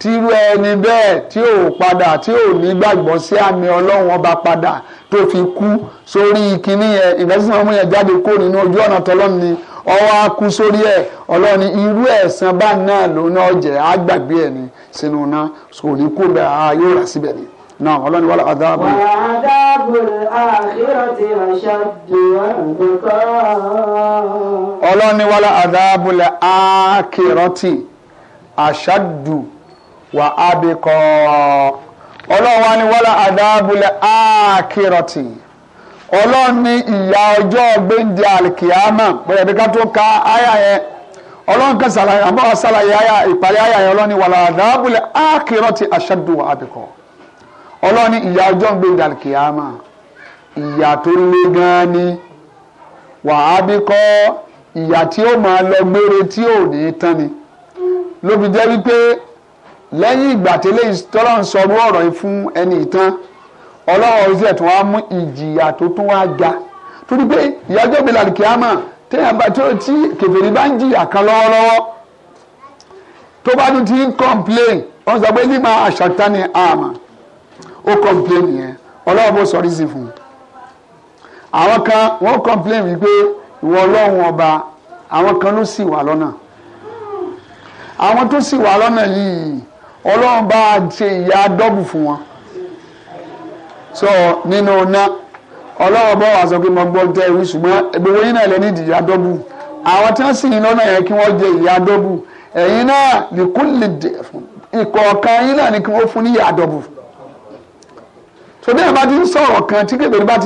tírú ẹni bẹ́ẹ̀ tí ò padà tí ò ní gbàgbọ́ sí àmì ọlọ́run ọba padà tó fi kú sórí kinní yẹn ìgbésìn ọmọ yẹn jáde kó nínú ojú ọ̀nà tọ́lọ́run ni ọwọ́ á kú sórí ẹ̀ ọlọ́run irú ẹ̀san bá náà ló ná ọ̀jẹ̀ á gbàgbé ẹ̀ ní sínú náà sò ní kó bẹ́ẹ̀ á yóò rà síbẹ̀ ni náà ọlọ́run wàlá àdáàbò. dáàbò àkírọ̀tì àṣàdùn àgbẹ̀kọ́. ọlọ́run wàlá àdáàbò àkírọ̀tì àṣàdùn wà á bí wa ni wọ́lá àdáàbùlẹ̀ áàkìrọ̀tì ọlọ́run ní ìyá ọjọ́ gbéǹde àlìkìyàmà bóyá ibi ká tó ka àyà yẹn ọlọ́run kan ṣàlàyé àmọ́ ṣàlàyé àyà ìparí àyà yẹn ọlọ́run ní wàlá àdáàbùlẹ̀ áàkìrọ̀tì aṣáájú wà á ọlọ́run ní ìyá ọjọ́ gbéǹde àlìkìyàmà ìyá tó le gan ni wà á bí kọ́ ìyá tí ó máa lọ gbére tí ò ní tán ni ló fi jẹ́ wípé lẹ́yìn ìgbà tẹ́lẹ̀ tọ́lá ń sọ ọ̀rọ̀ yìí fún ẹni ìtàn ọlọ́wọ́ ojú ẹ̀ tó wá mú ìjìyà tó tún wá ga torí pé ìyájọ́ mi làlùkì àmà téèyàn bá tó tí kèfèrí bá ń jìyà kan lọ́wọ́lọ́wọ́ tó bá ti ń complain wọ́n sọ pé nígbà àṣàtà ni àmà ó complain yẹn ọlọ́wọ́ bó sọ reason fún un àwọn kan wọ́n complain wípé ìwọ ọlọ́run ọba àwọn kan ló sì wà lọ́nà àwọn tó sì wà lọ́nà yìí ọlọ́run bá ṣe ìyá dọ́bù fún wọn so nínú ná ọlọ́run bá wà sọ pé mo gbọ́ tẹ ṣùgbọ́n gbogbo yín náà lẹ ní ìyá dọ́bù àwọn tí wọ́n sì yín lọ́nà yẹn kí wọ́n jẹ ìyá dọ́bù ẹ̀yin náà nìkú lè dẹ̀ náà ni kí ní dọ́bù bá ti ń sọ̀rọ̀ tí kébèrè bá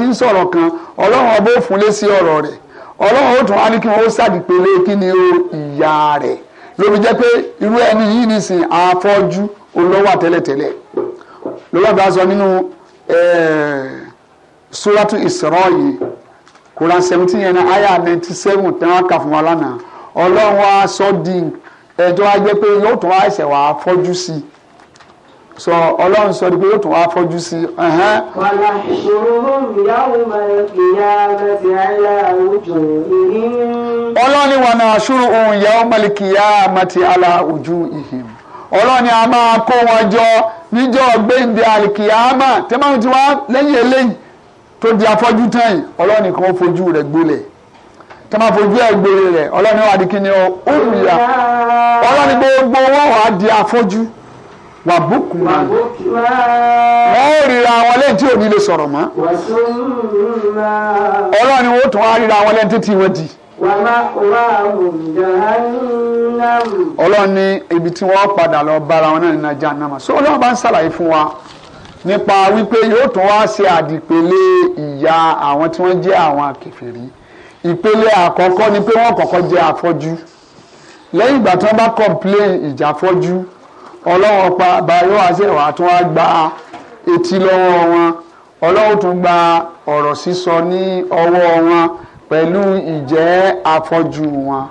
ti lóbi jẹ́ pé irú ẹni yìí nìsín àfọ́jú olówó àtẹ́lẹ̀tẹ́lẹ̀ lọ́wọ́ bá sọ nínú suratu Isra yìí Quran seventeen yẹn náà aya ninety seven tí wọ́n kà fún wa lánàá ọlọ́run wa sọ di ẹjọ́ wa jẹ́ pé yóò tún wá ẹsẹ̀ wá fọ́jú sí i sọ ọlọ́run sọ di yóò tún wá fọ́jú sí i. wàlá ìṣòro àmàtì àlà ìhìn. ọlọ́run àmàtì àlà ìhìn. ọlọ́run a máa kó wọn jọ níjọ́ àlìkìyàmà tẹ́mọ̀n tí wọ́n lẹ́yìn eléyìí tó afọ́jú ọlọ́run fojú rẹ̀ wà búkúrà wọ́n ríra àwọn lẹ́yìn tí òní lè sọ̀rọ̀ mọ́ ọlọ́run ni wọ́n tún wá ríra àwọn lẹ́yìn tí wọ́n di. ọlọ́run ní ibi tí wọ́n padà lọ bára wọn náà nínú Jahannama so ọlọ́run bá ń ṣàlàyé fún wa nípa wípé yóò tún wá ṣe àdìpele ìyà àwọn tí wọ́n jẹ́ àwọn akèfèrí ìpele àkọ́kọ́ ni pé wọ́n kọ́kọ́ jẹ́ afọ́jú lẹ́yìn ìgbà tí wọ́n bá complain ọlọ́wọ́n pa báyọ̀ àṣẹwà tún wá gba etí lọ́wọ́ wọn ọlọ́wọ́n tún gba ọ̀rọ̀ sísọ ní ọwọ́ wọn pẹ̀lú ìjẹ́ afọ́jú wọn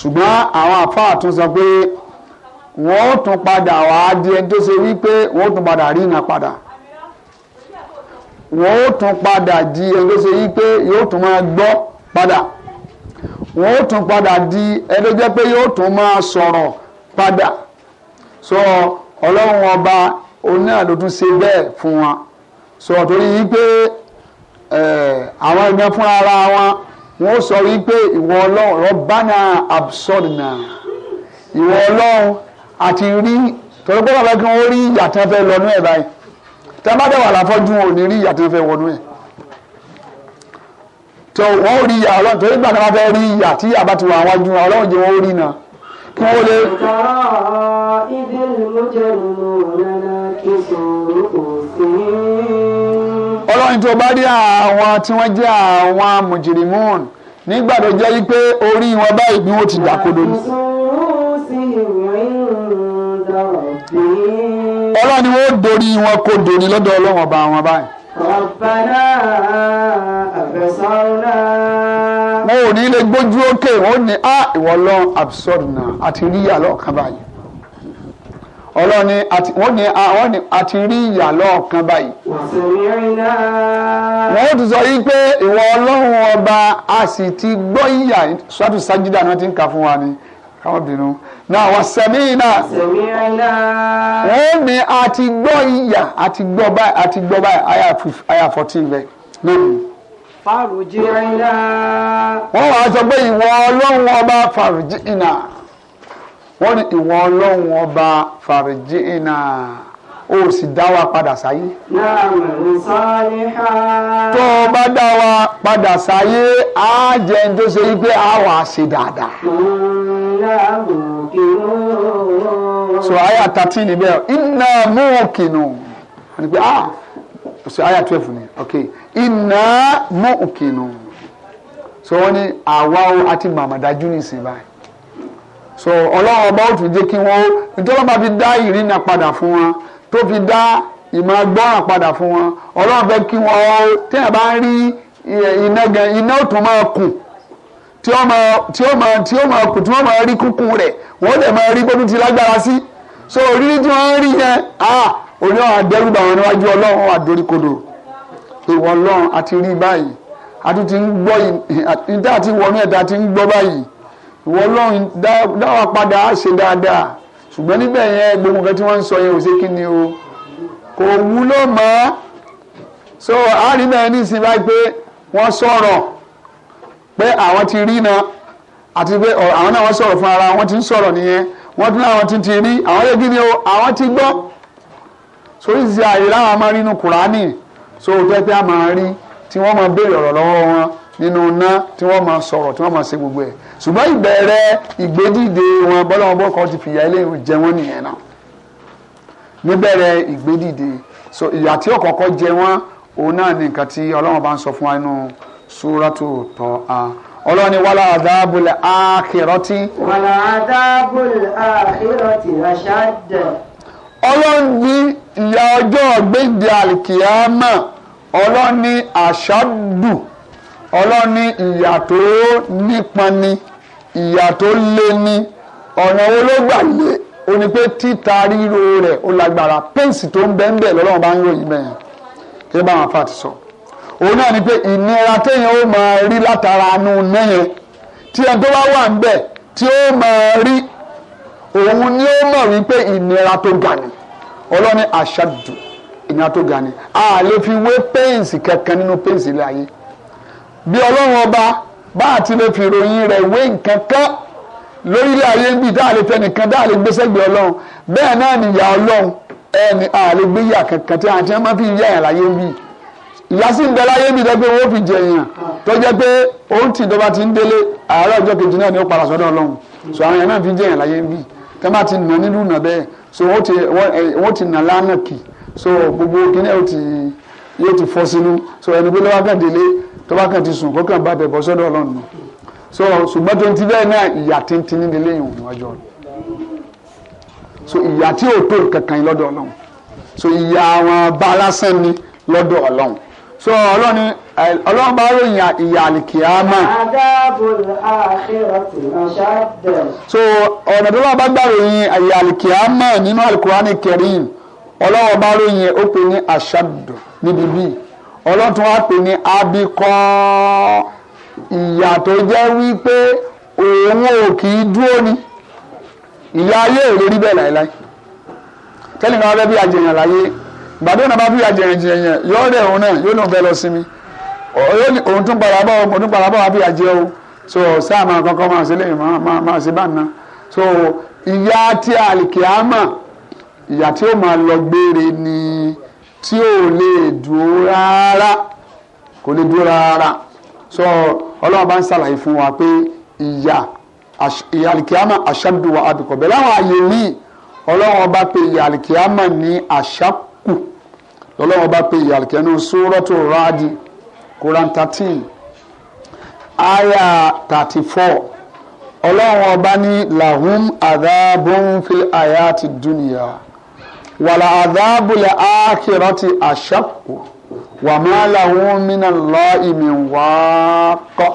ṣùgbọ́n àwọn àfáà tún sọ pé wọ́n tún padà wá di ẹni tó ṣe wípé wọ́n tún padà rí iná padà wọ́n tún padà di ẹni tó ṣe wípé yóò tún máa gbọ́ padà wọ́n tún padà di ẹni tó jẹ́ pé yóò tún máa sọ̀rọ̀ padà so ọlọ́run ọba òun náà ló ṣe bẹ́ẹ̀ fún wọn so torí wípé àwọn ẹgbẹ́ fún ara wọn wọ́n sọ wípé ìwọ ọlọ́run rọ́bánà absọ́dìnà ìwọ ọlọ́run àti rí torí pé bàbá kí wọ́n rí ìyàtọ̀ fẹ́ lọ́nú ẹ̀ báyìí tí wọ́n bá dẹ̀ wà láfọ́jú wọn ò ní rí ìyàtọ̀ fẹ́ wọnú ẹ̀ tó wọ́n rí ìyà ọlọ́run torí gbàgbọ́ fẹ́ rí ìyà tí ìyà bá ti wà wájú ọlọ́run jẹ́ wọ́n rí náà. قولي ترى إذ ọlọ́run tó bá rí àwọn tí wọ́n jẹ́ àwọn nígbà tó jẹ́ wípé orí wọn báyìí bí wọ́n ti dàkodo. ọlọ́run ni wọ́n dorí wọn dorí lọ́dọ̀ ọlọ́run ọba wọn báyìí. Rabbana absarna. Mo ò ní ilé gbójú òkè, wọ́n ní á ah, ìwọ lọ absarna àti rí ìyà lọ́ọ̀kan báyìí. Ọlọ́run ni wọ́n ní àwọn ah, ní àti rí ìyà lọ́ọ̀kan báyìí. Wọ́n tún sọ yí pé ìwọ ọlọ́run ọba a sì ti gbọ́ ìyà sọ́tún sájídà náà ti ń kà fún wa ni. káwọn bínú náà wọ́n sẹ́mi náà àti gbọ́ ìyà àti gbọ́ báyìí àti gbọ́ báyìí àyà fourteen bẹ́ẹ̀ lónìí. wọn wàá sọ pé ìwọ ọba fàrùjì ìwọ ọba o sì dá wa padà sáyé. tó o bá dá wa padà sáyé se jẹ́ awa tó ṣe yí pé wà ṣe dáadáa. so àyà thirteen níbẹ̀ iná A wọ́n pe ah so àyà twelve ni ok iná mọ́ọ̀kìnù so wọ́n ní àwa àti màmàdájú nìsín báyìí so ọlọ́run ọba ó tún jẹ́ kí wọ́n ìjọba bá fi dá ìrìnà padà fún wọn tó fi dá ìmọ̀ gbọ́ràn padà fún wọn ọlọ́run fẹ́ kí wọ́n téèyàn bá ń rí eh, iná gan iná ò tún máa kù tí ó máa tí ó máa tí ó máa kù tí wọ́n máa rí kúkú rẹ̀ wọ́n dẹ̀ máa rí gbódú ti lágbára sí so orílẹ̀ tí wọ́n ń rí yẹn ah òní àwọn àdẹ́rùbà wọn níwájú ọlọ́run àdoríkodò ìwọ ọlọ́run àti rí báyìí àti ti ń gbọ́ ìdá àti ìwọ̀nú ẹ̀dá ti ń gbọ́ báyìí ìwọ ọlọ́run dáwà padà á ṣe dáadáa ṣùgbọ́n níbẹ̀ yẹn gbogbo nǹkan tí wọ́n ń sọ yẹn ò ṣe kí ni o kò wúlò mọ́ so àrímọ̀ ẹni sì bá pé wọ́n sọ̀rọ̀ pé àwọn ti rí náà àti pé àwọn náà wọ́n sọ̀rọ̀ fún ara wọn ti ń sọ̀rọ̀ nìyẹn wọ́n tún láwọn ti ti rí àwọn yóò kí ni o àwọn ti gbọ́ sórí ti àyè láwọn máa rí inú Kùránì so tẹ́ pé a máa rí tí wọ́n máa béèrè ọ̀rọ̀ lọ́wọ́ wọn nínú iná tí wọ́n máa sọ̀rọ̀ tí wọ́n máa ṣe gbogbo ẹ̀ ṣùgbọ́n ìbẹ̀rẹ̀ ìgbédìde wọn bọ́lọ́wọ́n bó kan ti fìyà eléyìí jẹ wọ́n nìyẹn náà níbẹ̀rẹ̀ ìgbédìde so ìyà tí ó kọ́kọ́ jẹ wọ́n òun náà ni nǹkan tí ọlọ́run bá ń sọ fún wa nínú súrátù tọ́ a ọlọ́run ni wàlá àdábùlẹ̀ àkìrọ́tì. wàlá àdábùlẹ̀ àkìrọ́tì rashad. ọlọ́run ní ìyà ọjọ́ gbèdé àlìkìyàmọ̀ ọlọ́run ní àṣàdù ọlọ́run ní ìyà tó nípọn ni ìyà tó lé ni ọ̀nà wo ló gbà lé o ní pé títa ríro rẹ̀ ó lágbára pẹ́ǹsì tó ń bẹ́ ń bẹ̀ lọ́lọ́run bá ń ròyìn bẹ́ẹ̀ kí bá wọn fàtí sọ òun náà ni pé ìnira téèyàn ó máa rí látara anú nẹ́yẹn tí ẹni tó bá wà ń bẹ̀ tí ó máa rí òun ni ó mọ̀ wípé ìnira tó ga ni ọlọ́ni àṣàdù ìnira tó ga ni a fi wé pẹ́ǹsì kankan nínú pẹ́ǹsì ilé ayé bí ọlọ́run ọba bá àti lè fi ròyìn rẹ̀ wé nǹkan kan lórílẹ̀ ayé ń bì tá a lè fẹ́ nìkan tá a lè gbéṣẹ́ gbé ọlọ́run bẹ́ẹ̀ náà nìyà ọlọ́run ẹni a lè gbé yà kankan tí àti máa fi yà yàn láyé ń ìyá sì ń bẹ láyé ń dẹ́gbẹ́ owó fi jẹ yàn tó jẹ́ pé òun tì dọ́ba ti ń délé àárọ̀ ọjọ́ kejì náà ni ó padà sọ́dọ̀ ọlọ́run so àwọn yẹn náà fi jẹ yàn láyé ń bì tẹ́ bá ti nà nílùú nà bẹ́ẹ̀ so wọ́n ti nà lánàá so gbogbo kíní ẹ̀ ó ti yóò ti fọ́ sínú so ẹni pé lọ́wọ́ kàn délé tó bá ti sùn kó kàn bá bẹ̀ bọ́ sọ́dọ̀ ọlọ́run nù so ṣùgbọ́n tó ń ti bẹ́ẹ̀ náà ìyà tí ń ti ní délé yìí níwájú ọ̀run so ìyà tí ò tó kankan lọ́dọ̀ ọlọ́run so ìyà àwọn bá lásán ni lọ́dọ̀ ọlọ́run so ọlọ́run ni ọlọ́run bá ròyìn ìyà àlìkìyàmà. so ọ̀nà tó bá bá gbà ròyìn ìyà àlìkìyàmà nínú àlìkùránì ọlọ́wọ́ bá ròyìn ó pè ní aṣáàdù níbi bíi ọlọ́tún ní abikọ́ ìyà tó jẹ́ wípé òun ò kì í dúró ni ìyá ayé ò lè bẹ́ẹ̀ láéláé tẹ́lẹ̀ náà bẹ́ẹ̀ bí àjẹyàn láyé gbàdúrà náà bá bí àjẹyàn jẹyàn yóò rẹ̀ òun náà yóò lòun fẹ́ lọ sinmi òun tún padà bọ̀ òun tún padà bọ̀ wá bí àjẹ o so sáà máa kọ́kọ́ máa ṣe máa ṣe bá so ìyá tí ìyà tí ó máa lọ gbére ni tí ò lè dúró rárá kò lè dúró rárá so ọlọ́run bá ń ṣàlàyé fún wa pé ìyà ìyà àlìkíyàmà àṣàdù wa àbíkọ̀ bẹ́ẹ̀ láwọn àyè míì ọlọ́run ọba pé ìyà àlìkíyàmà ní àṣàkù lọ́lọ́run ọba pé ìyà àlìkíyàmà ní sórọ́tò ráàdì Quran thirteen aya thirty four ọlọ́run ọba ní lahum adhabun fil ayati dunya. wàlà àdábùlẹ̀ ákìrọ̀tì àṣàkù wàmálàwù mínà lọ ìmì wá kọ́.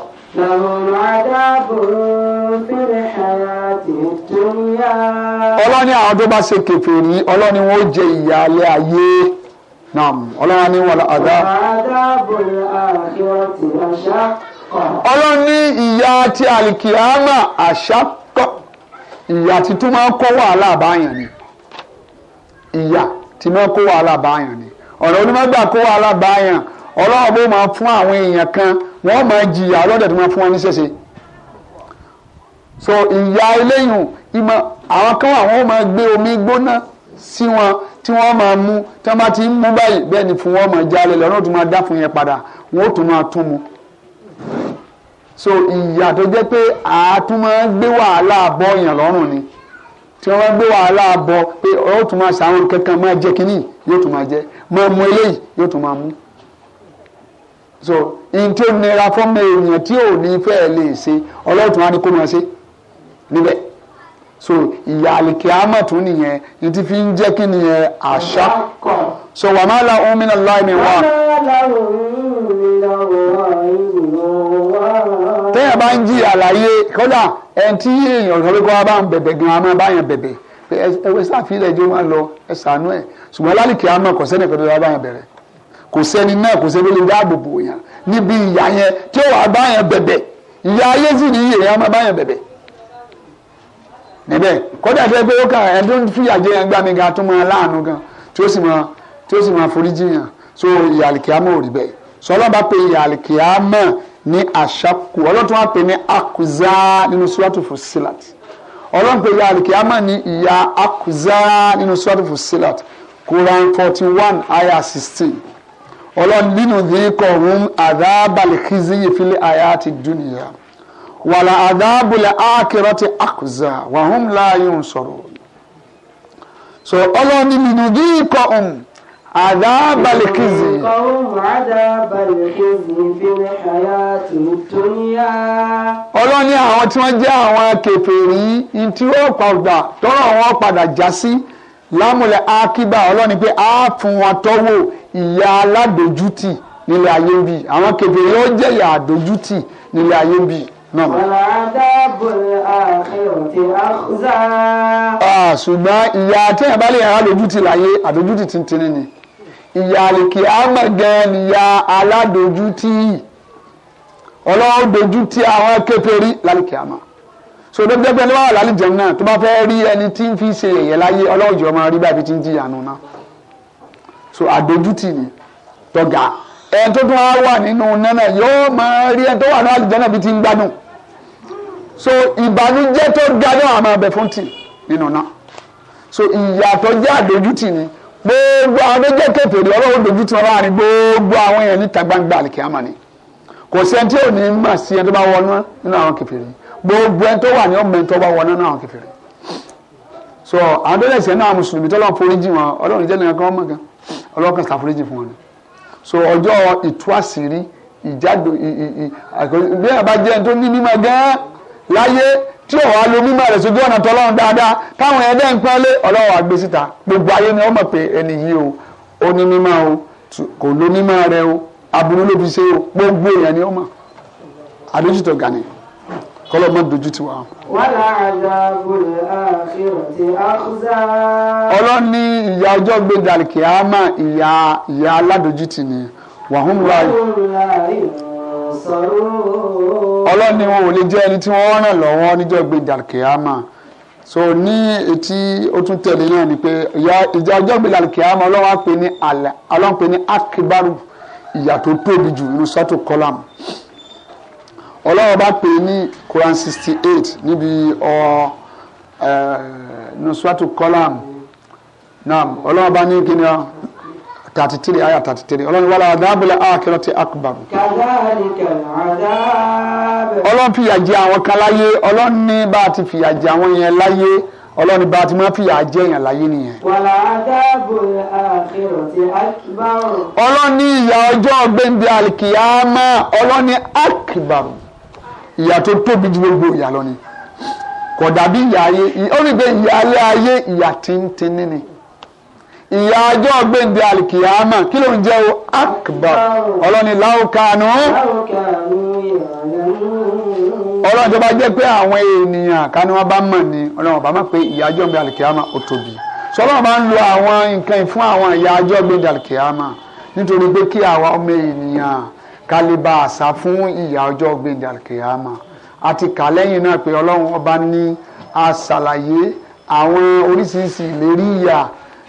Ọlọ́ni àwọn tó bá ṣe kèfèrí, ọlọ́ni wọn ó jẹ ìyà ayé. Nam, ọlọ́ni wàlà àdá. Àdábòrò àkìrọ̀tì àṣàkọ̀. ti àlìkìyàmà àṣàkọ̀. Ìyà ti máa ń kọ́ wàhálà ni. ìyà tí máa kó wàhálà báyàn ni ọ̀nà onímọ̀gbà kó wàhálà báyàn ọlọ́run bó máa fún àwọn èèyàn kan wọ́n máa jìyà ọlọ́dẹ̀ tó máa fún wọn ní so ìyà eléyìn ìmọ̀ àwọn kan wà wọ́n máa gbé omi gbóná sí wọn tí wọ́n máa mú tí wọ́n bá ti ń mú báyìí bẹ́ẹ̀ ni fún wọn máa jalè lọ́nà tó máa dá fún yẹn padà wọ́n ó tún máa tún mu so ìyà tó jẹ́ pé àá tún máa gbé wàhálà bọ́ọ̀yàn lọ́rùn ni tí wọ́n gbé wàhálà bọ̀ pé ó tún máa ṣàwọn kankan máa jẹ kínní yóò tún máa jẹ máa mú eléyìí yóò tún máa mú. so n tó nira fọ́mọ èèyàn tí ò ní fẹ́ lè ṣe ọlọ́tún á ní kó máa ṣe níbẹ̀ so ìyá àlìkíámà tún nìyẹn ní ti fi ń jẹ́ kí nìyẹn àṣà so wàmálà ọ̀hún mi láì mi wá. wàmálà ọ̀hún mi náà téèyàn bá ń jí àlàyé kódà ẹni tí èèyàn sọ pé kó wá bá ń bẹ̀bẹ̀ gan amọ́ báyàn bẹ̀bẹ̀ ẹwẹ́ sàfihàn ẹjọ́ máa lọ ẹ ṣàánú ẹ̀ ṣùgbọ́n lálìkì àmọ́ kò sẹ́ni kọ́tọ́ wá báyàn bẹ̀rẹ̀ kò sẹ́ni náà kò sẹ́ni lè dáàbò bò yàn níbi ìyá yẹn tí níbẹ̀ kódà tó yẹ pé ó kà ẹ̀ tó ń fìyà jẹ yẹn gbá mi gan tó máa láàánú gan tí ó sì máa foríjì yàn so ìyàlìkì àmọ́ ò rí bẹ́ẹ̀ sọlọ́n bá pe àlìkìyàmọ̀ ní àṣàkù ọlọ́run tó wá pe ní àkùzá nínú sùràtù Fussilat ọlọ́run pe àlìkìyàmọ̀ ní ìyá àkùzá nínú sùràtù Fussilat Quran forty one ayah sixteen ọlọ́run nínú díkọ̀ọ́hún àdábàlìkìzí ìfilẹ̀ àyà ti dúnìyà wàlà àdábùlẹ̀ àkìrọ̀tì àkùzá wàhùn láàyè ń sọ̀rọ̀ so ọlọ́run nínú díkọ̀ọ́hún àdábàlẹ̀ kìzì. ọlọ́run ní àwọn tí wọ́n jẹ́ àwọn kèfèrí ntí ó padà tọ́rọ̀ wọn padà já sí lámúlẹ̀ akíbà ọlọ́run ní pé á fún wọn tọ́wọ́ ìyà aládójútì nílẹ̀ ayé ń bì àwọn kèfèrí ó jẹ́ ìyà àdójútì nílẹ̀ ayé ń bì náà. wàlá dábòlè àkèròtì àkùzà. ṣùgbọ́n ìyà àtẹ̀yìnbálẹ̀ àdójútì láyé àdójútì tìǹtìǹ ni ìyá àlèkè àmọ̀ gan níyà aládojútì ọlọ́wọ́ dojútì àwọn kèfèrí lálùkè àmọ̀ so dọ́gbẹ́gbẹ́ ni wọ́n wà lálẹ́ jẹun náà tó bá fẹ́ rí ẹni tí ń fi ṣe yẹ̀yẹ́ láyé ọlọ́wọ́ jù ọmọ rí báyìí tí ń jìyà nù náà so àdojútì ni tọ́gà ẹni tó tún wá wà nínú nánà yóò máa rí ẹni tó wà ní àlùjẹ́ náà bí ti ń gbádùn so ìbànújẹ́ tó ga náà àmọ́ abẹ fún tì nínú náà so ìyàtọ̀ jẹ́ àdojútì ni gbogbo ahụ tó jẹ́ kèfèrí ọlọ́run dojú tí wọ́n bá rí gbogbo àwọn èèyàn níta gbangba àlìkí àmà ni kò sẹ́ni tí ò ní mà sí ẹni tó bá wọnú gbogbo ẹni tó wà ní ọmọ ẹni tó bá wọnú nínú àwọn so náà mùsùlùmí tó wọn kan fún so ìtú àṣírí bí ẹ bá tí ò wá lo mímọ́ rẹ̀ sójú ọ̀nà tọ́lọ́run dáadáa táwọn ẹ̀dẹ́ ń pẹ́ lé gbogbo ayé ni wọ́n mọ̀ pé ẹni yìí o ó ní mímọ́ o kò lo mímọ́ rẹ̀ o aburú ló fi ṣe o gbogbo èèyàn ni wọ́n gani tiwa. àfihàn àkúzá. ọlọ́run ní ìyá ọjọ́ gbé àmà ìyá ìyá ni ọlọ́run ni wọn ò lè jẹ́ ẹni tí wọ́n ràn lọ́wọ́ níjọ́ gbẹ̀dà kìámà so ní etí ó tún tẹ̀lé náà ni pé ìjà ọjọ́ gbẹ̀dà kìámà ọlọ́run pè ní àlẹ́ ọlọ́run pè ní akibaru ìyà tó tóbi jù nínú sọ́tò kọ́làm ọlọ́run bá pè ní Quran sixty eight níbi ọ nínú sọ́tò kọ́làm náà ọlọ́run bá ní kíni ọ thirty three ayah thirty three ọlọ́run wàlá adábọ̀lẹ̀ àkẹrọ̀tì akbar. ọlọ́run fìyà jẹ àwọn kan láyé ọlọ́run ní bá a ti fìyà jẹ àwọn yẹn láyé ọlọ́run ní bá a ti máa fìyà jẹ yẹn láyé nìyẹn. wàlá adábọ̀lẹ̀ àkẹrọ̀tì akbar. ọlọ́run ní ìyà ọjọ́ gbẹ̀ndé alikiyama ọlọ́run ní akbar ìyà tó tóbi ju gbogbo ìyà lọ ni kódà bí ìyà ayé ó ní pé ìyà ayé ìyà tíntìn ni ìyá ọjọ́ gbèǹde alikiyama kí ló ń jẹ́ o akbar ọlọ́ni láwùkánú ọlọ́run tó bá jẹ́ pé àwọn ènìyàn kánú wọn bá mọ̀ ni ọlọ́run bá mọ̀ pé ìyá ọjọ́ gbèǹde alikiyama ó tóbi sọlọ́run máa ń lo àwọn nǹkan fún àwọn ìyá ọjọ́ gbèǹde alikiyama nítorí pé kí àwa ọmọ ènìyàn ká lè bá àṣà fún ìyá ọjọ́ gbèǹde alikiyama àti kà náà pé ọlọ́run ọba ní àṣàlàyé àwọn oríṣiríṣi ìlérí ìyá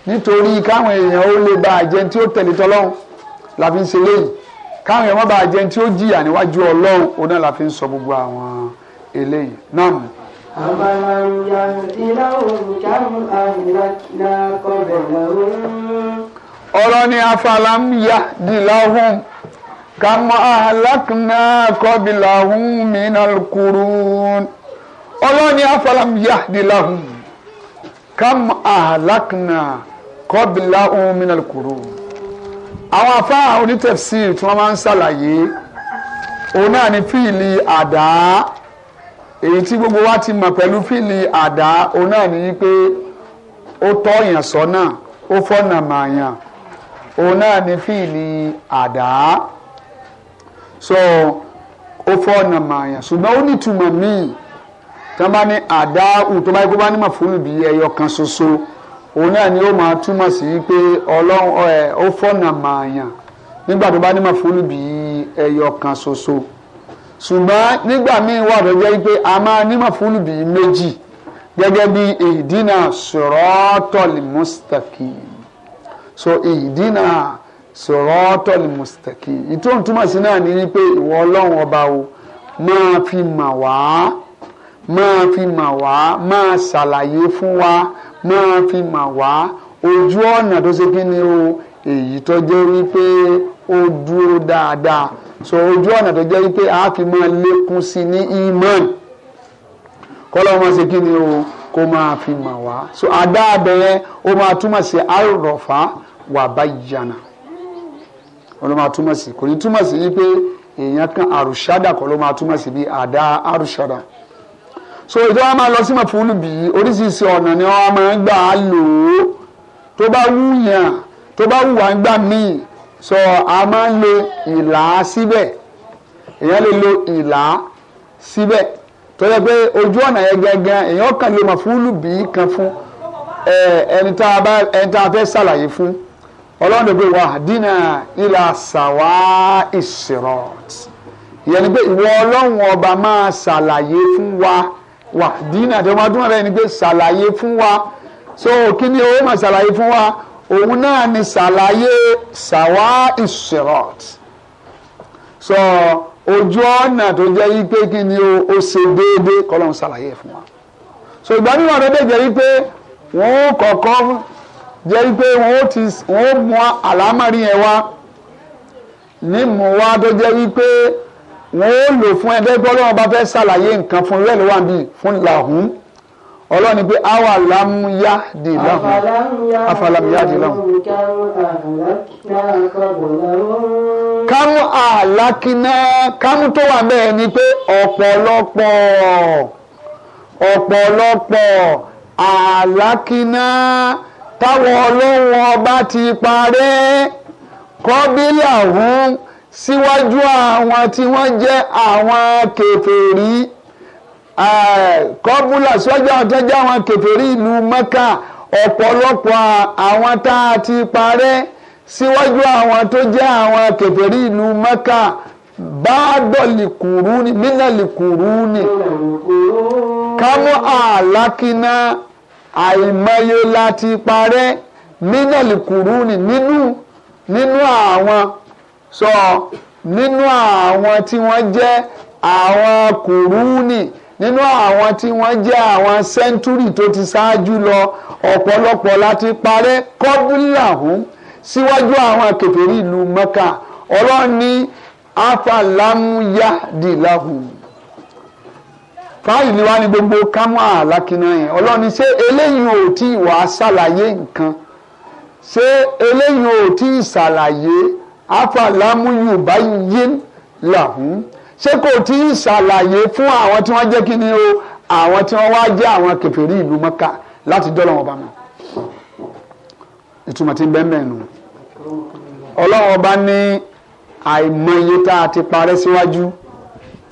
nítorí káwọn èèyàn ó lè bá àjẹn tí ó tẹ̀lé tọ́lọ́hún la fi ń ṣe léyìí káwọn èèyàn má bá àjẹn tí ó jìyà níwájú ọlọ́run òun la fi ń sọ gbogbo àwọn eléyìí náà. أَفَمَنْ يَهْدِلَهُمْ كَمْ أَهْلَكْنَا قَبْلَهُمْ ọ̀rọ̀ ni afalam yahdilahum kama ahlakna qabilahum minal qurun ọlọ́ni afalam yahdilahum ahlakna kọ́bìlá ohun mìíràn kúrò àwọn afá onítẹ̀fsíìrì tí wọ́n máa ń ṣàlàyé òun náà ni fíìlì àdá èyí tí gbogbo wa ti mọ̀ pẹ̀lú fíìlì àdá òun náà ni pé ó tọ́ yàn sọ́nà ó fọ́nà màyàn òun náà ni fíìlì àdá so ó fọ́nà màyàn ṣùgbọ́n ó nítumọ̀ míì tí wọ́n bá ní àdá ù tó bá yẹ kó bá ní mọ̀ fún ìbí ẹyọ kan ṣoṣo. So, so òun náà ni ó máa túmọ̀ sí pé ọlọ́run ẹ ó fọ̀nà mààyàn nígbà tó bá ní bí ẹyọ kan ṣoṣo ṣùgbọ́n nígbà míì wà tó jẹ́ pé a máa ní màfúlù bí méjì gẹ́gẹ́ bí ìdínà sọ̀rọ̀tọ̀lì mùsítàkì so ìdínà sọ̀rọ̀tọ̀lì ìtòǹtúmọ̀ sí náà ni ìwọ ọba o máa fi mà wá. máa fi mà wá máa ṣàlàyé fún wa máa fi mà wá ojú ọ̀nà tó ṣe kí ni o èyí tó jẹ́ wípé ó dúró dáadáa so ojú ọ̀nà tó jẹ́ wípé a fi máa lékún sí ní imán kọ́lọ́ máa ṣe kí ni o kó máa fi mà wá so àdáàbẹ̀rẹ̀ ó máa túmọ̀ sí àròrọ̀fà wà báyìíyànà ó ló máa túmọ̀ sí kò ní túmọ̀ sí wípé èèyàn kan àrùṣádà kọ́ ló máa túmọ̀ sí bí àdá àrùṣádà so ètò wa máa lọ sí mọ̀fúlù bí oríṣiríṣi ọ̀nà ni wọ́n máa ń gbà á lò ó tó bá wù yàn tó bá wù wá ń gbà míì so a máa ń lo ìlà síbẹ̀ èèyàn lè lo ìlà síbẹ̀ tó yẹ pé ojú ọ̀nà yẹn gangan èèyàn kàn lè mọ̀fúlù bí kan fún ẹni tá a bá fẹ́ ṣàlàyé fún ọlọ́run ló pé wà dínà ìlà sàwá ìṣirọ̀t ìyẹn ni pé ìwọ ọlọ́run ọba máa ṣàlàyé fún wa wàdínà tí wọ́n dún rẹ̀ ni pé ṣàlàyé fún wa so kí ni ó máa ṣàlàyé fún wa òun náà ni ṣàlàyé ṣàwá ìṣirọ̀t so ojú ọ̀nà tó jẹ́ yí pé kí ni ó ṣe déédéé kọ́lọ́n ṣàlàyé fún wa so ìgbà mímọ́ tó dé jẹ́ yí pé wọ́n ó kọ̀ọ̀kọ́ jẹ́ yí wọ́n ó ti wọ́n ó mú àlámọ́rí yẹn wá ní mú wá tó jẹ́ yí wọn ó lò fún ẹgbẹ́ gbọ́dọ̀ bá fẹ́ ṣàlàyé nǹkan fún rẹ̀ ló wà fún làhùn ọlọ́run ni pé àwa làmúyá di làhùn Afalamuya di làhùn. kámú àlákínà kámú tó wà bẹ́ẹ̀ ni pé ọ̀pọ̀lọpọ̀ ọ̀pọ̀lọpọ̀ àlákínà táwọn ọlọ́run ọba ti parẹ́ kọ́bílà hùn síwájú àwọn tí wọ́n jẹ́ àwọn kèfèrí eh, kọ́búlà síwájú àwọn tí wọ́n jẹ́ àwọn kèfèrí ìlú mẹ́kà ọ̀pọ̀lọpọ̀ àwọn tá a ti parẹ́ síwájú àwọn tó jẹ́ àwọn kèfèrí ìlú mẹ́kà báàdọ̀lì kùrú ni mínàlì ni kámọ́ àlákínà àìmọye láti parẹ́ mínàlì ni nínú nínú àwọn sọ nínú àwọn tí wọ́n jẹ́ àwọn kùrúùnì nínú àwọn tí wọ́n jẹ́ àwọn sẹ́ńtúrì tó ti ṣáájú lọ ọ̀pọ̀lọpọ̀ láti parẹ́ kọ́búláhùn síwájú àwọn kèfèrí ìlú mẹ́kà ọlọ́run ní afàlámúyádìláhùn fáìlì wa ni gbogbo kámú àlákiná yẹn ọlọ́run ní ṣé eléyìí ò tí wàá ṣàlàyé nǹkan ṣé eléyìí ò tí ì ṣàlàyé afàlámúyù báyìí yín làhùn ṣé kò tí ì ṣàlàyé fún àwọn tí wọ́n jẹ́ kí ni o àwọn tí wọ́n wá jẹ́ àwọn kèfèrí ìlú mọ́kà láti dọ́lọ́ wọn bá mọ́ ìtumọ̀ tí bẹ́ẹ̀ mẹ́nu ọlọ́run ọba ní àìmọye tá a ti parẹ́ síwájú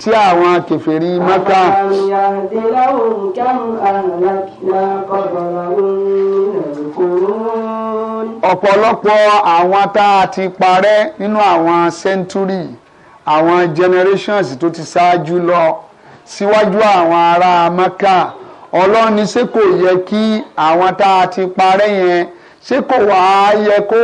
tí àwọn kèfèrí mọ́kà. àbáyáde láwùjọ àlàkìlá kọ̀ọ̀rọ̀ àwọn ènìyàn kò rún ọ̀pọ̀lọpọ̀ àwọn tá a ti parẹ́ nínú àwọn sẹ́ńtúrì àwọn generations tó ti ṣáájú lọ síwájú àwọn ará Mẹ́kà ọlọ́run ni ṣé kò yẹ kí àwọn tá a ti parẹ́ yẹn ṣé kò wàá yẹ kó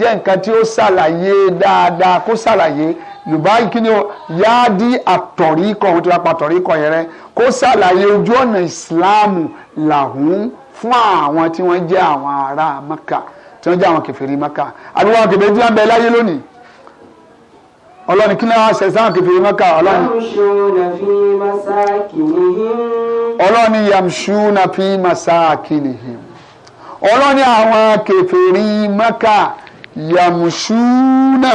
jẹ́ nǹkan tí ó ṣàlàyé dáadáa kó ṣàlàyé yorùbá kí o yáa di àtọ̀rí kọ̀ ohun tí wọ́n pa àtọ̀rí kọ̀ yẹn rẹ kó ṣàlàyé ojú ọ̀nà ìsìláàmù làhùn fún àwọn tí wọ́n jẹ́ àwọn ará Mẹ́kà tí wọ́n jẹ́ àwọn kèfèrí maka àdúgbò àwọn kèfèrí tí wọ́n láyé lónìí ọlọ́ni kí ni wọ́n ṣe sáwọn kèfèrí maka ọlọ́ni. ọlọ́ni yamshuna fi masakinihim ọlọ́ni àwọn kèfèrí maka yamshuna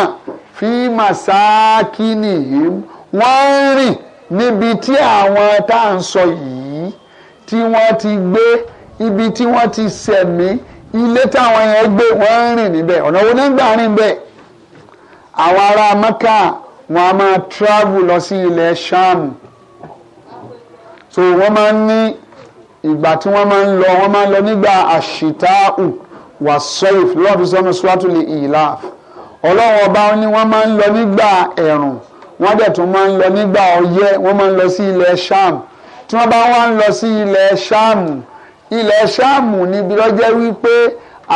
fi masakinihim wọ́n ń rìn níbi tí àwọn tá à ń sọ yìí tí wọ́n ti gbé ibi tí wọ́n ti sẹ̀mí ilé táwọn yẹn gbé wọ́n ń rìn níbẹ̀ ọ̀nà wo náà ń gbà rìn bẹ́ẹ̀ àwọn ará mẹ́kà wọn a máa travel lọ sí ilẹ̀ sham so wọ́n máa ń ní ìgbà tí wọ́n máa ń lọ wọ́n máa ń lọ nígbà àṣìtáù wà sọ́yìf lọ́ọ̀dù sọ́nù swatuli ìlàf ọlọ́run ọba ni wọ́n máa ń lọ nígbà ẹ̀rùn wọ́n dẹ̀ tún máa ń lọ nígbà ọyẹ́ wọ́n máa ń lọ sí ilẹ̀ sham tí wọ́n bá wá ń lọ sí ilẹ̀ sham ilẹ̀ sáàmù níbi lọ́jẹ́ wípé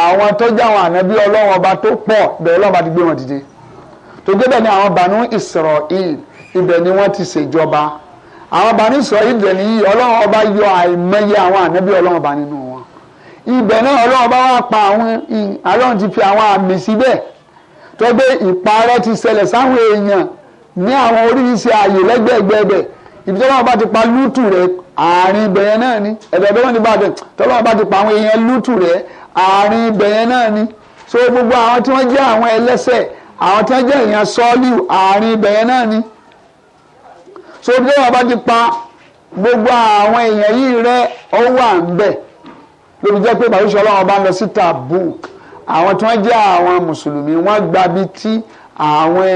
àwọn tó jẹ́ àwọn ànábí ọlọ́run ọba tó pọ̀ bẹ̀rẹ̀ ọlọ́run ọba ti gbé wọn dìde tó gbé bẹ́ẹ̀ ni àwọn bànú Israel ibẹ̀ ni wọ́n ti ṣèjọba àwọn bànú Israel dẹ̀ nìyí ọlọ́run ọba yọ àìmọye àwọn ànábí ọlọ́run ọba nínú wọn ibẹ̀ náà ọlọ́run ọba wá pa àwọn ọlọ́run ti fi àwọn àmì síbẹ̀ tó gbé ìparẹ́ ti ṣẹlẹ̀ sáwọn èèyàn ní àwọn oríṣiríṣi ààyè lẹ́gbẹ̀ẹ́gbẹ̀ẹ́ ibi tí ọlọ́run ọba ti pa lútù rẹ̀ àárín ibẹ̀yẹn náà ni ẹ̀bẹ̀ bẹ́ẹ̀ wọ́n ti bá bẹ̀ tọ́lọ́wọ́ bá ti pa àwọn èèyàn lútù rẹ̀ àárín ibẹ̀yẹn náà ni so gbogbo àwọn tí wọ́n jẹ́ àwọn ẹlẹ́sẹ̀ àwọn tí wọ́n jẹ́ èèyàn sọ́ọ́lù àárín ibẹ̀yẹn náà ni so tọ́lọ́wọ́ bá ti pa gbogbo àwọn èèyàn yìí rẹ̀ ó wà ń bẹ̀ lóbi jẹ́ pé bàbá ìṣọ́ ọlọ́wọ́ bá ń lọ sí Tabuk àwọn tí wọ́n jẹ́ àwọn mùsùlùmí wọ́n gbabi tí àwọn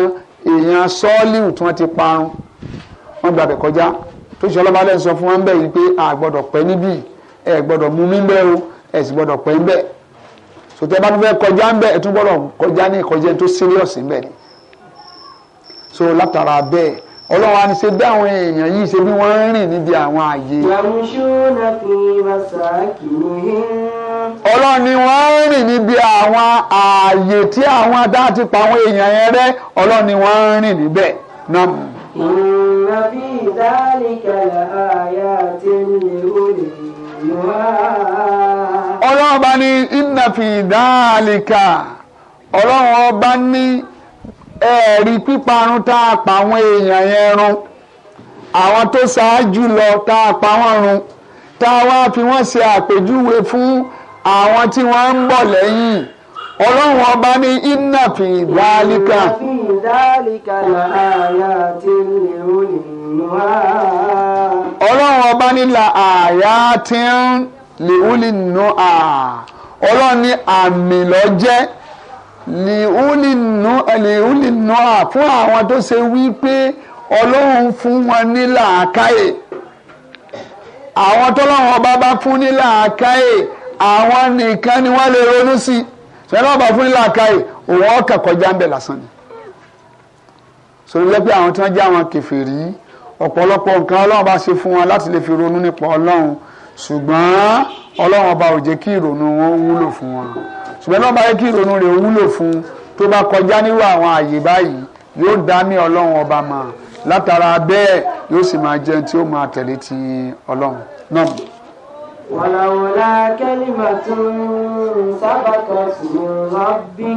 èèyàn sọ́ọ́lù tí wọ́n ti parun wọ́n gbabẹ̀ kọjá tó ṣe ọlọ́ba lẹ́nu sọ fún wọn bẹ́ẹ̀ yìí pé a gbọ́dọ̀ pẹ́ níbí ẹ gbọ́dọ̀ mú mi bẹ́ẹ̀ o ẹ sì gbọ́dọ̀ pẹ́ níbẹ̀ sòtẹ́ bá tún fẹ́ kọjá ń bẹ̀ ẹ tún gbọ́dọ̀ kọjá ní ìkọjá tó serious níbẹ̀ ni so látara bẹ́ẹ̀ ọlọ́run á ní ṣe bí àwọn èèyàn yìí ṣe bí wọ́n ń rìn níbi àwọn ààyè. ọlọ́run ni wọ́n ń rìn níbi àwọn ààyè tí àwọn adá ti pa àwọn èèyàn yẹn rẹ́ ọlọ́run ni wọ́n ń rìn níbẹ̀ náà. إن في ذلك لآيات لأولي ọlọ́run bá ní ìnàfì dáàlìkà ọlọ́run ọba ní ẹ̀rí píparun tá a pa àwọn èèyàn yẹn run àwọn tó ṣáájú lọ tá a pa wọ́n run tá a wá fi wọ́n ṣe àpèjúwe fún àwọn tí wọn ń bọ̀ lẹ́yìn ọlọ́run ọba ذلك لآيات لأولي النهى ọlọ́run ọba nílà àyà tí ń lèúlì nù à ọlọ́run ní àmì lọ́jẹ́ lèúlì nù à fún àwọn tó ṣe wí pé ọlọ́run fún wọn ní làákàyè àwọn tọ́lọ́run ọba bá fún ní làákàyè àwọn nìkan ni wọ́n lè ronú sí ṣẹlẹ́ ọba fún ní làákàyè òun ọkà kọjá ń bẹ̀ lásán ni sọ̀rọ̀ lẹ́gbẹ́ àwọn tí wọ́n jẹ́ àwọn kèfèrí ọ̀pọ̀lọpọ̀ nǹkan ọlọ́run bá ṣe fún wọn láti lè fi ronú nípa ọlọ́run ṣùgbọ́n ọlọ́run ọba ò jẹ́ kí ìrònú wọn wúlò fún wọn ṣùgbọ́n náà bá yẹ kí ìrònú rẹ̀ wúlò fún tó bá kọjá nírú àwọn àyè báyìí yóò dá ní ọlọ́run ọba mà látara bẹ́ẹ̀ yóò sì máa jẹun tí ó máa tẹ̀lé ti ọlọ́run náà. wàlàwòlá kẹ́lí màtún sábà kan sùn rọ́bì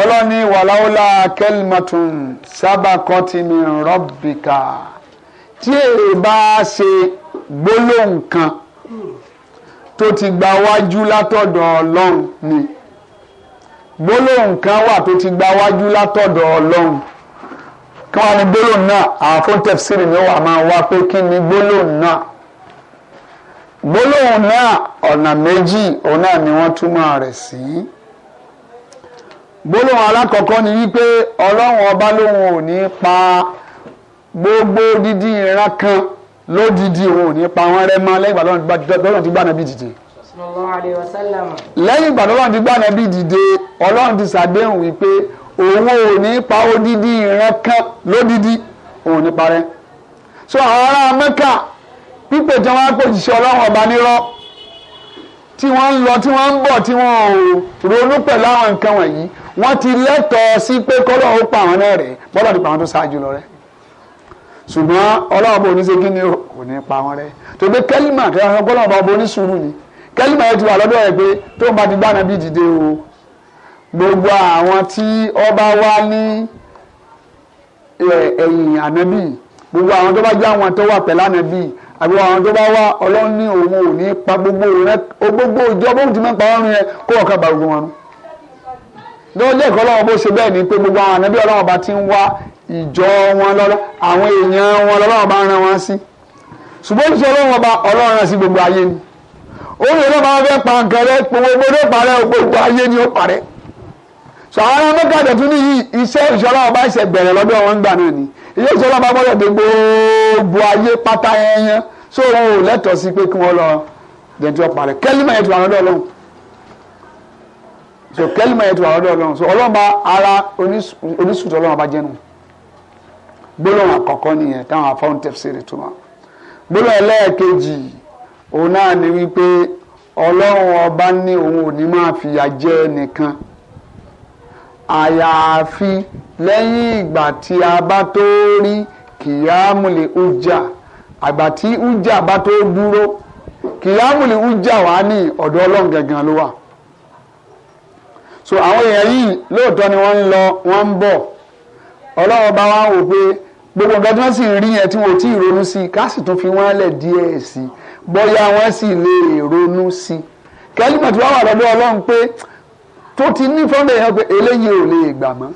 ọlọ́ni wàláwùlà kẹlímọ̀tún sábàkọ́ ti mi rọ́bìkà tí èrè bá ṣe gbólóhùn kan tó ti gba wájú látọ̀dọ̀ ọlọ́run ni gbólóhùn kan wà tó ti gba wájú látọ̀dọ̀ ọlọ́run kí wọ́n ní gbólóhùn náà àfún tẹ̀síìrì ni wà máa wá pé kí ni gbólóhùn náà gbólóhùn náà ọ̀nà méjì òun náà ni wọ́n túmọ̀ rẹ̀ sí. Si gbólóhùn alákọ̀ọ́kọ́ ni wípé ọlọ́run ọba lóhun ò ní pa gbogbo dídí ìran kan lódìdí òun ò ní pa wọn rẹ́ mọ́ lẹ́yìn ìgbàlọ́run ti gbà náà bí dìde. lẹ́yìn ìgbàlọ́run ti gbà náà bí dìde ọlọ́run ti ṣàdéhùn wípé òun ò ní pa odidi ìran kan lódìdí òun ò ní parẹ́. so àwọn ará mẹ́kà pípé tí wọ́n á pè jíṣẹ́ ọlọ́run ọba nírọ́ tí wọ́n ń lọ tí wọ́n ń bọ̀ tí wọ́n ò ronú pẹ̀lú àwọn nǹkan wọ̀nyí wọ́n ti lẹ́tọ̀ọ́ sí pé kọ́lọ́ ó pa àwọn náà rẹ̀ bọ́lọ̀ nípa àwọn tó ṣáájú lọ rẹ̀ ṣùgbọ́n ọlọ́run bò ní kí ni kò ní pa wọn rẹ̀ tó gbé kẹ́límà tó yàtọ̀ bọ́lọ̀ bá bo ní sùúrù ni kẹ́límà yẹn ti wà lọ́dọ̀ ẹ̀ pé tó ń bá ti gbàna bí dìde o gbogbo àwọn tí ọba wá ní ẹ̀yìn ànábì gbogbo àwọn tó bá jẹ́ àwọn tó wà pẹ̀lú ànábì àbí àwọn tó bá wá ọlọ́run ní òun ò ní pa gbogbo ìjọ bóun ti máa ń pa ọrùn yẹn kó ọ̀ka bá gbogbo wọn lóde ẹ̀kọ́ lọ́wọ́ bó ṣe bẹ́ẹ̀ ni pé gbogbo àwọn ànábì ọlọ́wọ́ bá ti ń wá ìjọ wọn lọ́lọ́ àwọn èèyàn wọn lọ́lọ́wọ́ bá ran wọn sí ṣùgbọ́n oṣù ọlọ́wọ́ bá ọlọ́run rán sí gbogbo ayé ni òun yóò máa fẹ́ pa nǹkan rẹ gbogbo ló parẹ́ gbogbo ayé ni ó parẹ́ sọ àwọn amẹ́kàdé tún níyì iṣẹ́ oṣù ọlọ́wọ́ bá ṣẹ̀ bẹ̀rẹ̀ lọ́dọ̀ wọn gbà náà ni ilé oṣù ọlọ́wọ́ bá gbọ́dọ̀ dé gbogbo ayé pátá ẹyẹn sóòrùn ò lẹ́tọ̀ọ́ sí pé kí wọ́n lọ dẹ̀ntì ọ̀parẹ́ kẹ́lí so kẹ́lìmọ̀ yẹn ti wà lọ́dọ̀ ọlọ́run so ọlọ́run bá ara oníṣùtò ọlọ́run bá jẹ́nu gbólóhùn àkọ́kọ́ nìyẹn táwọn afọ́n tafsiri tó wọn gbólóhùn ẹlẹ́ẹ̀kejì òun náà ni wípé ọlọ́run ọba ní òun ò ní máa fìyà jẹ nìkan àyàfi lẹ́yìn ìgbà tí a bá tó rí kìyàmùlẹ̀ ujà àgbà tí ujà bá tó dúró kìyàmùlẹ̀ ujà wà ní ọ̀dọ̀ ọlọ́run gangan ló wà so àwọn èèyàn yìí lóòótọ́ ni wọ́n ń lọ wọ́n ń bọ̀ ọlọ́wọ́ bá wá wò pé gbogbo nǹkan tí wọ́n sì rí yẹn tí wọ́n ti ronú sí i ká sì tún fi wọ́n lẹ̀ díẹ̀ sí i bóyá wọ́n sì lè ronú sí i kẹ́límọ̀ tí wọ́n wà lọ́dọ̀ ọlọ́run pé tó ti ní fọ́nbẹ̀ yẹn pé eléyìí ò lè gbà mọ́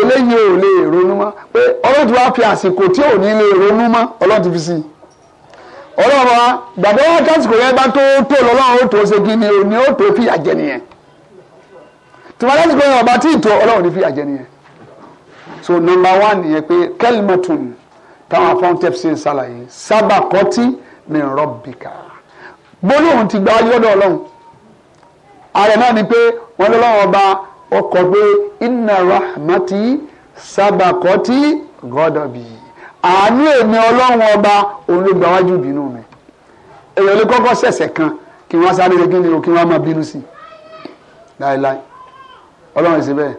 eléyìí ò lè ronú mọ́ pé ọlọ́run ti wá fi àsìkò tí ò ní lè ronú mọ́ ọlọ́run ti fi sí i ọlọ́run wa gbàgbọ́ wọn kásìkò yẹn bá tó tó lọ́lọ́run ó tó ṣe kí ni òní ó tó fìyà jẹ nìyẹn tìmọ̀ lẹ́sìn pé ọba tí ìtò ọlọ́run ní fi àjẹ nìyẹn so nọmba wán nìyẹn pé kẹlmọtún táwọn afọ́ntẹ́f ṣe ń ṣàlàyé sábà kọ́tí mi rọ́bìkà gbólóhùn ti gba ayé ọ̀dọ̀ ọlọ́run ààrẹ náà ni pé wọ́n lọ́wọ́ ọba ọkọ̀ pé inna rahmati sábà kọ́tí gọ́dọ̀bì àánú èmi ọlọ́run ọba òun ló gbàwájú bínú mi èèyàn ló kọ́kọ́ ṣẹ̀ṣẹ̀ kan kí wọ́n sáré kí ni o kí wọ́n máa bínú sí i láéláé ọlọ́run ṣe bẹ́ẹ̀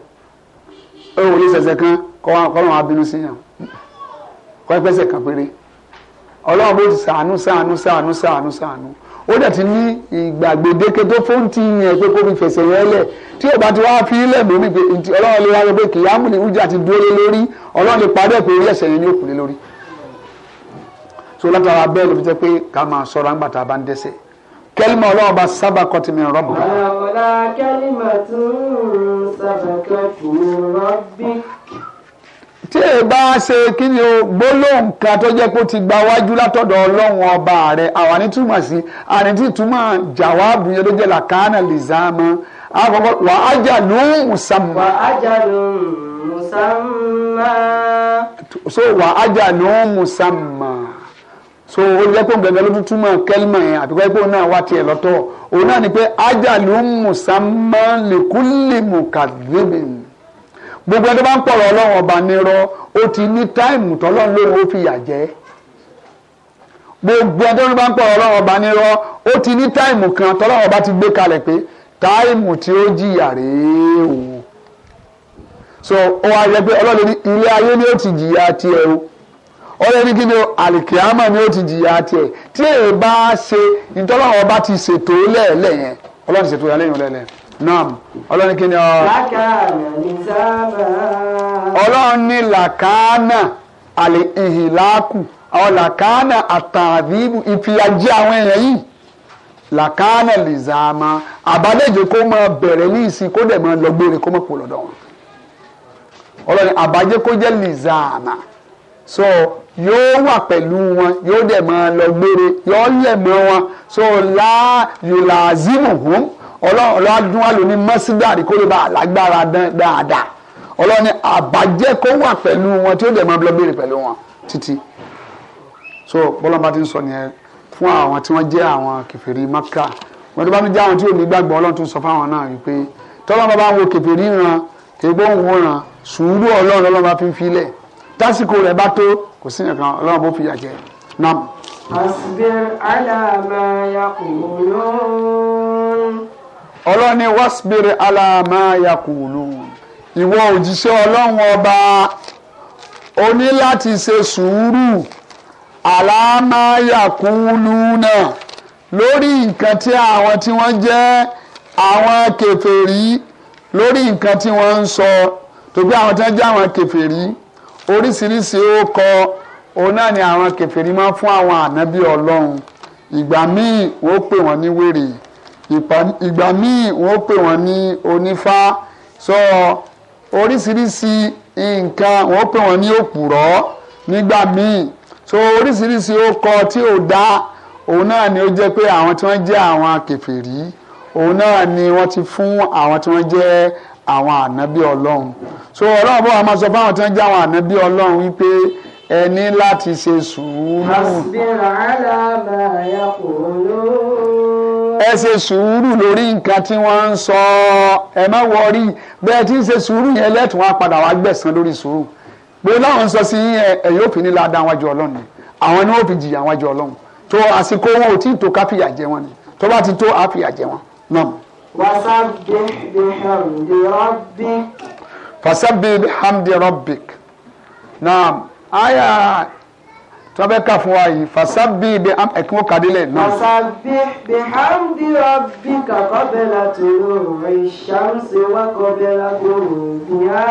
ó wòlé ṣẹ̀ṣẹ̀ kan kọ́lọ́run abínú sí yàn kọ́ ẹgbẹ́sẹ̀ kan péré ọlọ́run bó ti ṣàánú ṣàánú ṣàánú ṣàánú ṣàánú ó dẹ̀ ti ní ìgbàgbédéke tó fóun ti yàn pé kó fi fẹsẹ̀ yẹn lẹ̀ tí ò bá ti wá fi ilẹ̀ mọ́ mi pé ọlọ́run lè wáyé pé kìyàmù ni wújà ti dúró lé lórí ọlọ́run lè parí ẹ̀ pé orí ẹ̀ṣẹ̀ yẹn yóò kú lé lórí so látara bẹ́ẹ̀ ló fi jẹ́ pé ká máa ṣọ́ra ńgbà tá a bá ń dẹ́sẹ̀ kẹ́límà ọlọ́run ba sábà kọ́ ti mi rọ́bù. àwọlá kẹ́límà tún sábà kọ́ ti mi rọ́bì. tí ẹ bá ṣe kí ni o gbólóhùn kan tó jẹ́ kó ti gba wájú látọ̀dọ̀ ọlọ́run ọba rẹ̀ àwa ní túmọ̀ sí àní tí túmọ̀ jàwáàbù yẹn ló jẹ́ làkánà lìzámà àkọ́kọ́ wà á jà ló ń musamman. wà á jà ló ń musamman. so wà á jà ló ń musamman so ó jẹ́ pé gbẹ̀gbẹ̀ ló tún túmọ̀ kẹ́lìmọ̀ yẹn àti pé òun náà wá tiẹ̀ lọ́tọ̀ òun náà ni pé ajalu musamma likulli mukadhibin gbogbo ẹni bá ń pọ̀rọ̀ ọlọ́run ọba nírọ́ ó ti ní táìmù tọ́lọ́run lóhùn ó fìyà jẹ́ gbogbo ẹni tó bá ń pọ̀rọ̀ ọlọ́run ọba nírọ́ ó ti ní táìmù kan tọ́lọ́run ọba ti gbé kalẹ̀ pé táìmù tí ó jìyà rèé o so ó wá yẹ pé ọlọ́run ilé ayé ni ó ti jìyà tiẹ̀ o ọ̀rẹ́ ní kí ni àlìkìyàmọ̀ ni ó ti jìyà tiẹ̀ tí èè bá ṣe ìtọ́lọ́wọ́ bá ti ṣètò lẹ́ẹ̀lẹ́ yẹn ọlọ́run ṣètò yẹn lẹ́yìn lẹ́lẹ́ nam ọlọ́run kí ni ọ. ọlọ́run ní làkánà àlè ìhìlákù àwọn làkánà àtàdìbù ìfìyàjẹ àwọn èèyàn yìí làkánà lìzàmà àbálẹ̀jọ kó máa bẹ̀rẹ̀ ní ìsìn kó dẹ̀ máa lọ gbére kó máa pò lọ́dọ̀ wọn ọlọ́run àbájẹ́ kó jẹ́ lìzàmà so yóò wà pẹ̀lú wọn yóò dẹ̀ máa lọ gbére yóò lẹ̀ mọ́ wọn so la yòlàzimu hùn ọlọ́dún àlò ní mọ́sídàrí kó lè bá lágbára dáadáa ọlọ́ni àbájẹ́ kó wà pẹ̀lú wọn tí ó dẹ̀ máa lọ gbére pẹ̀lú wọn títí so bọ́lọ́mọba ti ń sọ nìyẹn fún àwọn tí wọ́n jẹ́ àwọn kèfèrí Mákà wọ́n tó bá ń jẹ́ àwọn tí ò ní gbàgbọ́ Ọlọ́run tó ń sọ fáwọn náà wípé tọ́lọ́mọba ń wo kèfèrí ran kèfèrí ń wòran sùúrù Ọlọ́run Ọlọ́run bá fi ń filẹ̀ tásìkò rẹ̀ bá tó kò sí nǹkan ọlọ́run bó fi yà jẹ nam. àṣìbẹ̀ aláàmáyà kùlùún. ọlọ́run ni wàṣìbẹ̀rẹ̀ aláàmáyà kùlùún. ìwọ òjíṣẹ́ ọlọ́run ọba o ní láti ṣe sùúrù aláàmáyà kùlùún náà lórí nǹkan tí àwọn tí wọ́n jẹ́ àwọn kèfèrí lórí nǹkan tí wọ́n ń sọ tó bí àwọn tí wọ́n jẹ́ àwọn kèfèrí oríṣiríṣi orúkọ òun náà ni àwọn kèfèrí máa ń fún àwọn ànábì ọlọ́run ìgbà míì wọ́n pè wọ́n ní wèrè ìgbà míì wọ́n pè wọ́n ní onífá sọ oríṣiríṣi nǹkan wọ́n pè wọ́n ní òpùrọ́ nígbà míì so oríṣiríṣi orúkọ tí ò dá òun náà ni ó jẹ́ pé àwọn tí wọ́n jẹ́ àwọn kèfèrí òun náà ni wọ́n ti fún àwọn tí wọ́n jẹ́ àwọn ànábì ọlọ́run so ọlọ́run bọ́ wa máa sọ fáwọn tí wọ́n jẹ́ àwọn ànábì ọlọ́run wípé ẹ ní láti ṣe sùúrù. ẹ ṣe sùúrù lórí nǹkan tí wọ́n ń sọ ẹ má wọrí bẹ́ẹ̀ tí ń ṣe sùúrù yẹn lẹ́tùn wá padà wá gbẹ̀sán lórí sùúrù pé láwọn ń sọ sí ẹ̀yìn òfin ní ládàá wájú ọlọ́run ni àwọn ni wọ́n fi jìyà wájú ọlọ́run tó àsìkò wọn ò tí ì tó káfíà jẹ wọn ni tó bá ti tó àfíà jẹ wọn náà. وسبح بحمد ربك فسبح بحمد ربك نعم آية tọ́bẹ̀ kà fún wa yìí fasabi bi am ẹ̀kí wọn kàdé lẹ̀ náà. fasabi bi hamdi rabbi kakọ́bẹ̀lá tòrò ìṣàmùsí wa kọ́bẹ̀lá gbòòrò bíyà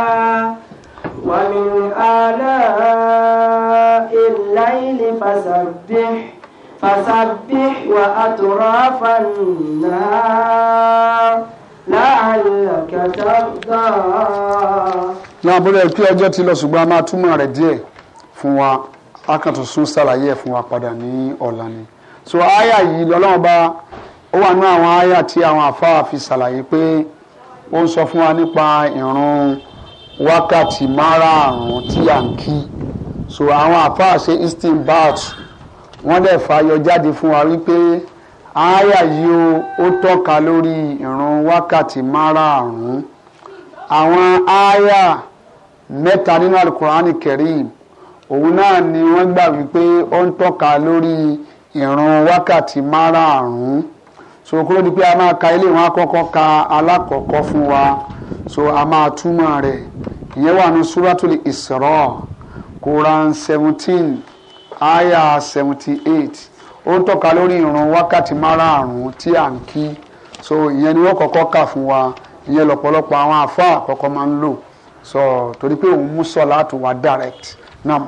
wàmí àlà ìlàyé fasabi. فسبح وأطراف النار لعلك ترضى náà bóyá pé ọjọ́ ti lọ ṣùgbọ́n a máa túmọ̀ rẹ̀ díẹ̀ fún wa a sún ṣàlàyé ẹ̀ fún wa padà ní ọ̀la ni so àyà yìí lọ́lọ́run bá ó wà ní àwọn àyà tí àwọn àfáà fi ṣàlàyé pé ó ń sọ fún wa nípa ìrun wákàtí márààrún tí à ń kí so àwọn àfáà ṣe istinbat wọ́n dẹ̀ fàyọ jáde fún wa wípé àáyà yìí ó tọ́ka lórí ìrun wákàtí márààrún àwọn àáyà mẹ́ta nínú alukurani kerim òun náà ni wọ́n gbà wípé ó ń tọ́ka lórí ìrun wákàtí márààrún so kúrò di pé a máa ka ilé wọn akọ́kọ́ ka alákọ̀ọ́kọ́ fún wa so a máa túmọ̀ rẹ̀ ìyẹn wà ní suratul Isra Quran seventeen aya 78 ó ń tọ́ka lórí ìran mara márààrún ti a ń kí so ìyẹn ni wọ́n kọ́kọ́ kà fún wa ìyẹn lọ̀pọ̀lọpọ̀ àwọn afá àkọ́kọ́ ma ń lò sọ tori pé òun mú sọ láti wá direct náà.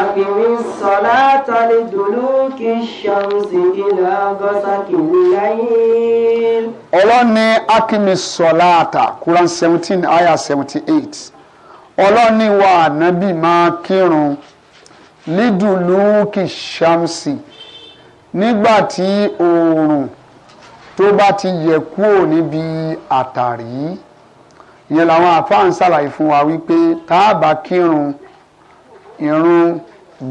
akiri sọlá tali dolu kí ṣàǹsì ilẹ̀ ọgọ́sà kìíní láyé. ọlọ́ni akimi sọlá ata kuran 17 aya 78 ọlọ́ni wa ànábì máa kírun. lídùlùkì ṣàmsì nígbà tí oòrùn tó bá ti yẹ kúrò níbi àtàrí ìyẹn làwọn àfáà ń ṣàlàyé fún wa wípé tá a bá kírun irun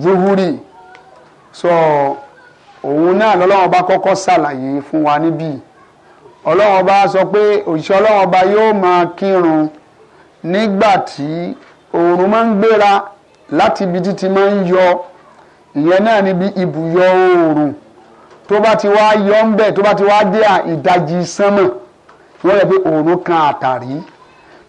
zuhuri sọ òun náà lọ́lọ́wọ́n bá kọ́kọ́ ṣàlàyé fún wa níbí ọlọ́wọ́n bá sọ pé òṣìṣẹ́ ọlọ́wọ́n bá yóò máa kírun nígbà tí oòrùn máa ń gbéra láti ibi títí máa ń yọ ìyẹn náà níbi ibùyọ oòrùn tó bá ti wá yọ ń bẹ̀ tó bá ti wá dé ìdajì sánmọ̀ wọ́n yẹ pé oòrùn kan àtàrí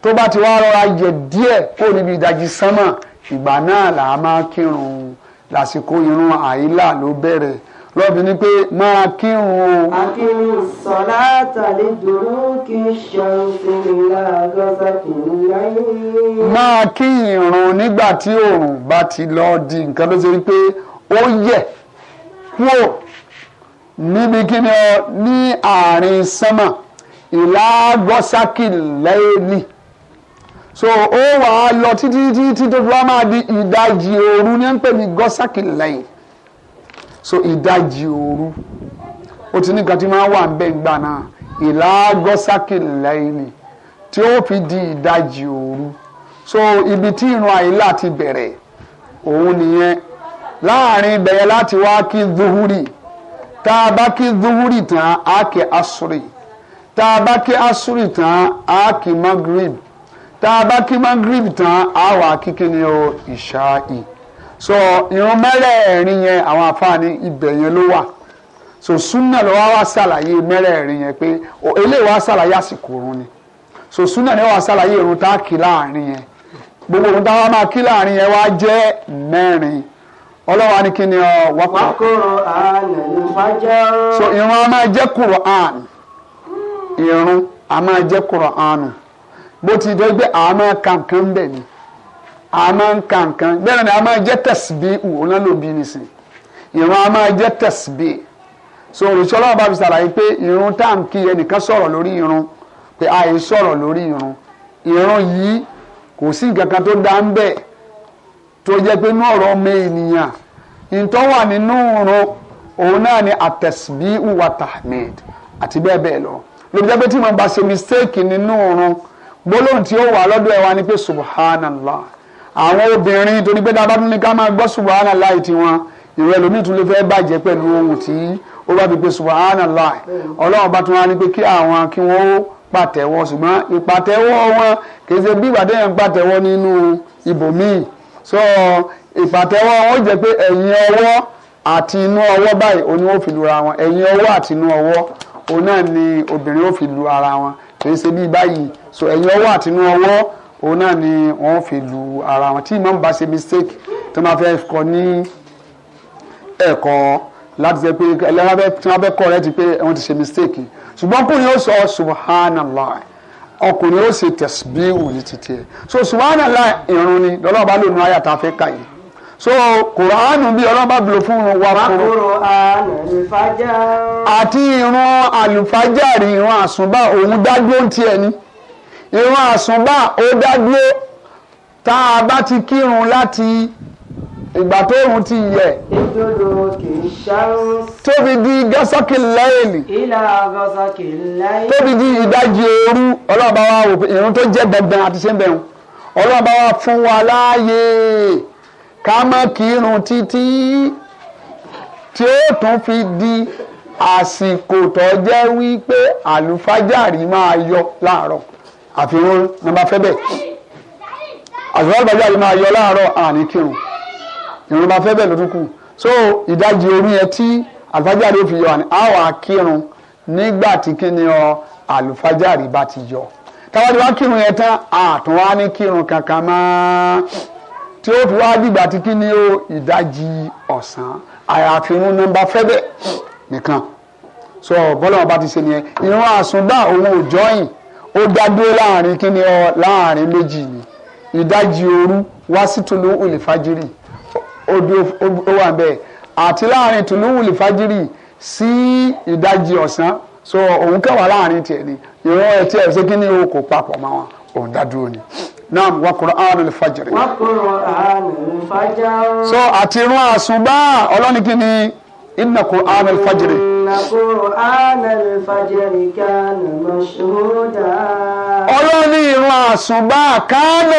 tó bá ti wá rọra yẹ díẹ̀ kó níbi ìdajì sánmọ̀ ìgbà náà là á máa kírun lásìkò irun àìlà ló bẹ̀rẹ̀ lọ́bi ni pé máa kírun o. akínú sọlá tàlẹ dòrò kí ṣàǹkó ìlà gọ́sà kò láyé. máa kí ìrun nígbà tí oòrùn bá ti lọ di nǹkan ló ṣe pé ó yẹ kúrò níbi kíni ọ ní àárín sánmà ìlà gọ́sákì lẹ́ẹ̀lì so ó wàá lọ títí títí tó fi wá máa di ìdajì òru ní ń pè ní gọ́sákì lẹ́yìn so ìdajì òru ó ti ní nǹkan tí máa wà níbẹ̀ ńgbà náà ìlàgọ́sákè lẹ́yìn tí ó fi di ìdajì òru so ibi tí ìrun àìlà ti bẹ̀rẹ̀ òun nìyẹn láàrin ibẹ̀yẹ láti wá kí zuhuri tá a bá kí zuhuri tán á kí asuri tá a bá kí asuri tán á kí magrib tá a bá kí magrib tán á wà kí kíni o ìṣáì so irun mẹ́rẹ̀ẹ̀rin yẹn àwọn àfáàní ibẹ̀ yẹn ló wà so súnà ló wá wá ṣàlàyé mẹ́rẹ̀ẹ̀rin yẹn pé eléyìí wá ṣàlàyé àsìkò òrun ni so súnà ni wá ṣàlàyé irun tá a kí láàrin yẹn gbogbo òrun tá a máa kí láàrin yẹn wá jẹ́ mẹ́rin ọlọ́wà ni kí ni ọ wọ́pọ̀. wákòrò àlẹ́ ló má jẹ́ ọ́. so irun a máa jẹ́ Qur'an irun a máa jẹ́ Qur'an bó ti dẹ́gbẹ́ àmọ́ kankan bẹ̀ ni a máa ń ka nǹkan bẹ́ẹ̀ ni a máa jẹ́ tẹ̀síbí òun náà ló bí nìsín a máa jẹ́ tẹ̀síbí so òrìṣẹ́ ọlọ́run bá fi ṣàlàyé pé ìrun tá à ń kí ẹnìkan sọ̀rọ̀ lórí ìrun pé àì sọ̀rọ̀ lórí ìrun ìrun yìí kò sí nǹkan kan tó dá ń bẹ̀ tó jẹ́ pé inú ọ̀rọ̀ ọmọ ènìyàn ìtọ́ wà nínú ìrun òun náà ni àtẹ̀síbí wa tahmid àti bẹ́ẹ̀ bẹ́ẹ̀ lọ lóbi jẹ́ pé tí mo bá ṣe mistake nínú ìrun gbólóhùn tí ó wà lọ́dọ̀ ẹ̀ wá ni pé subhanallah àwọn obìnrin torí pé dábàá ní ká máa gbọ́ subahana láì tiwọn ìrọ̀ ẹlòmíì tún lè fẹ́ bàjẹ́ pẹ̀lú ohun tí ó bá fi pe subahana láì ọlọ́run bá tún wá ní pé kí àwọn kí wọ́n pàtẹ́wọ́ ṣùgbọ́n ìpàtẹ́wọ́ wọn kìí ṣe bí ìbàdàn yẹn pàtẹ́wọ́ nínú ibòmíì so ìpàtẹ́wọ́ wọn ó jẹ́ pé ẹ̀yìn ọwọ́ àti inú ọwọ́ báyìí òun ni wọ́n fi lu ara wọn ẹ̀yìn ọwọ́ àti inú ọwọ́ òun náà ni obìnrin ó fi lu ara wọn kìí ṣe bí báyìí so ẹ̀yìn ọwọ́ àti inú ọwọ́ òun náà ni wọ́n fi lu ara wọn tí ìmọ̀ bá ṣe mistake tó máa fẹ́ kọ ní ẹ̀kọ́ láti ṣe pé ẹlẹ́wọ̀n tí wọ́n fẹ́ kọ́ ti pé wọ́n ti ṣe mistake ṣùgbọ́n ó sọ subhanallah ọkùnrin ó ṣe tẹ̀síbíhù ní títí ẹ̀ so subhanallah irun ni lọ́lọ́ba nu so kùránù bí ọlọ́ba bìlò fún un wà kúrò àti ìrun àlùfájàrí irun àsùnbà òun dájú ó ń ìrun àsùnbà ó dá dúró tá a bá ti kírun láti ìgbà tó òun ti yẹ. ìdodo kì í ṣáró. tóbi di gọ́sọ́kì lẹ́yìnì. ìlà gọ́sọ́kì lẹ́yìnì. tóbi di ìdajì òru ọlọ́ọ̀bá wa wò ìrun tó jẹ́ dandan àti ṣé ń bẹ̀rù ọlọ́ọ̀bá wa fún wa láàyè ká má kírun títí tí ó tún fi di àsìkò tó jẹ́ wípé àlùfájàrí máa yọ láàárọ̀ àfihàn nọmba fẹ́ bẹ́ẹ̀ àṣùwọ̀n àlùbáyé àyè máa yọ láàárọ̀ àní kírun ìrun máa fẹ́ bẹ́ẹ̀ so ìdajì orí ẹ tí àlùfájàre fi yọ àní àwọn akírun nígbà tí kíni ọ àlùfájàre bá ti yọ káwádìí wá kírun yẹn tán àtún wá ní kírun kankan máa tí ó fi wá dìgbà tí kí ó ìdajì ọ̀sán àyàfi irun nọmba nìkan so bọ́lá wọn bá ti ṣe nìyẹn irun àsùnbà òun ò jọyìn ó dádúró láàrin kíni ọ láàrin méjì ni ìdajì òru wá sí tulu olùfàjìrì ó wà bẹ́ẹ̀ àti láàrin tulu olùfàjìrì sí ìdajì ọ̀sán so òun kẹwàá láàrin tiẹ̀ ni ìran ẹ̀ tiẹ̀ ṣé kíni o kò papọ̀ mọ́ wọn òun dádúró ni naam wa qur'an al-fajr. wa qur'an al-fajr. so àti irun àsùnbà ọlọ́ni kìíní inna qur'an al قرآن الفجر كان مشهودا ọlọ́ni ìran àsùnbà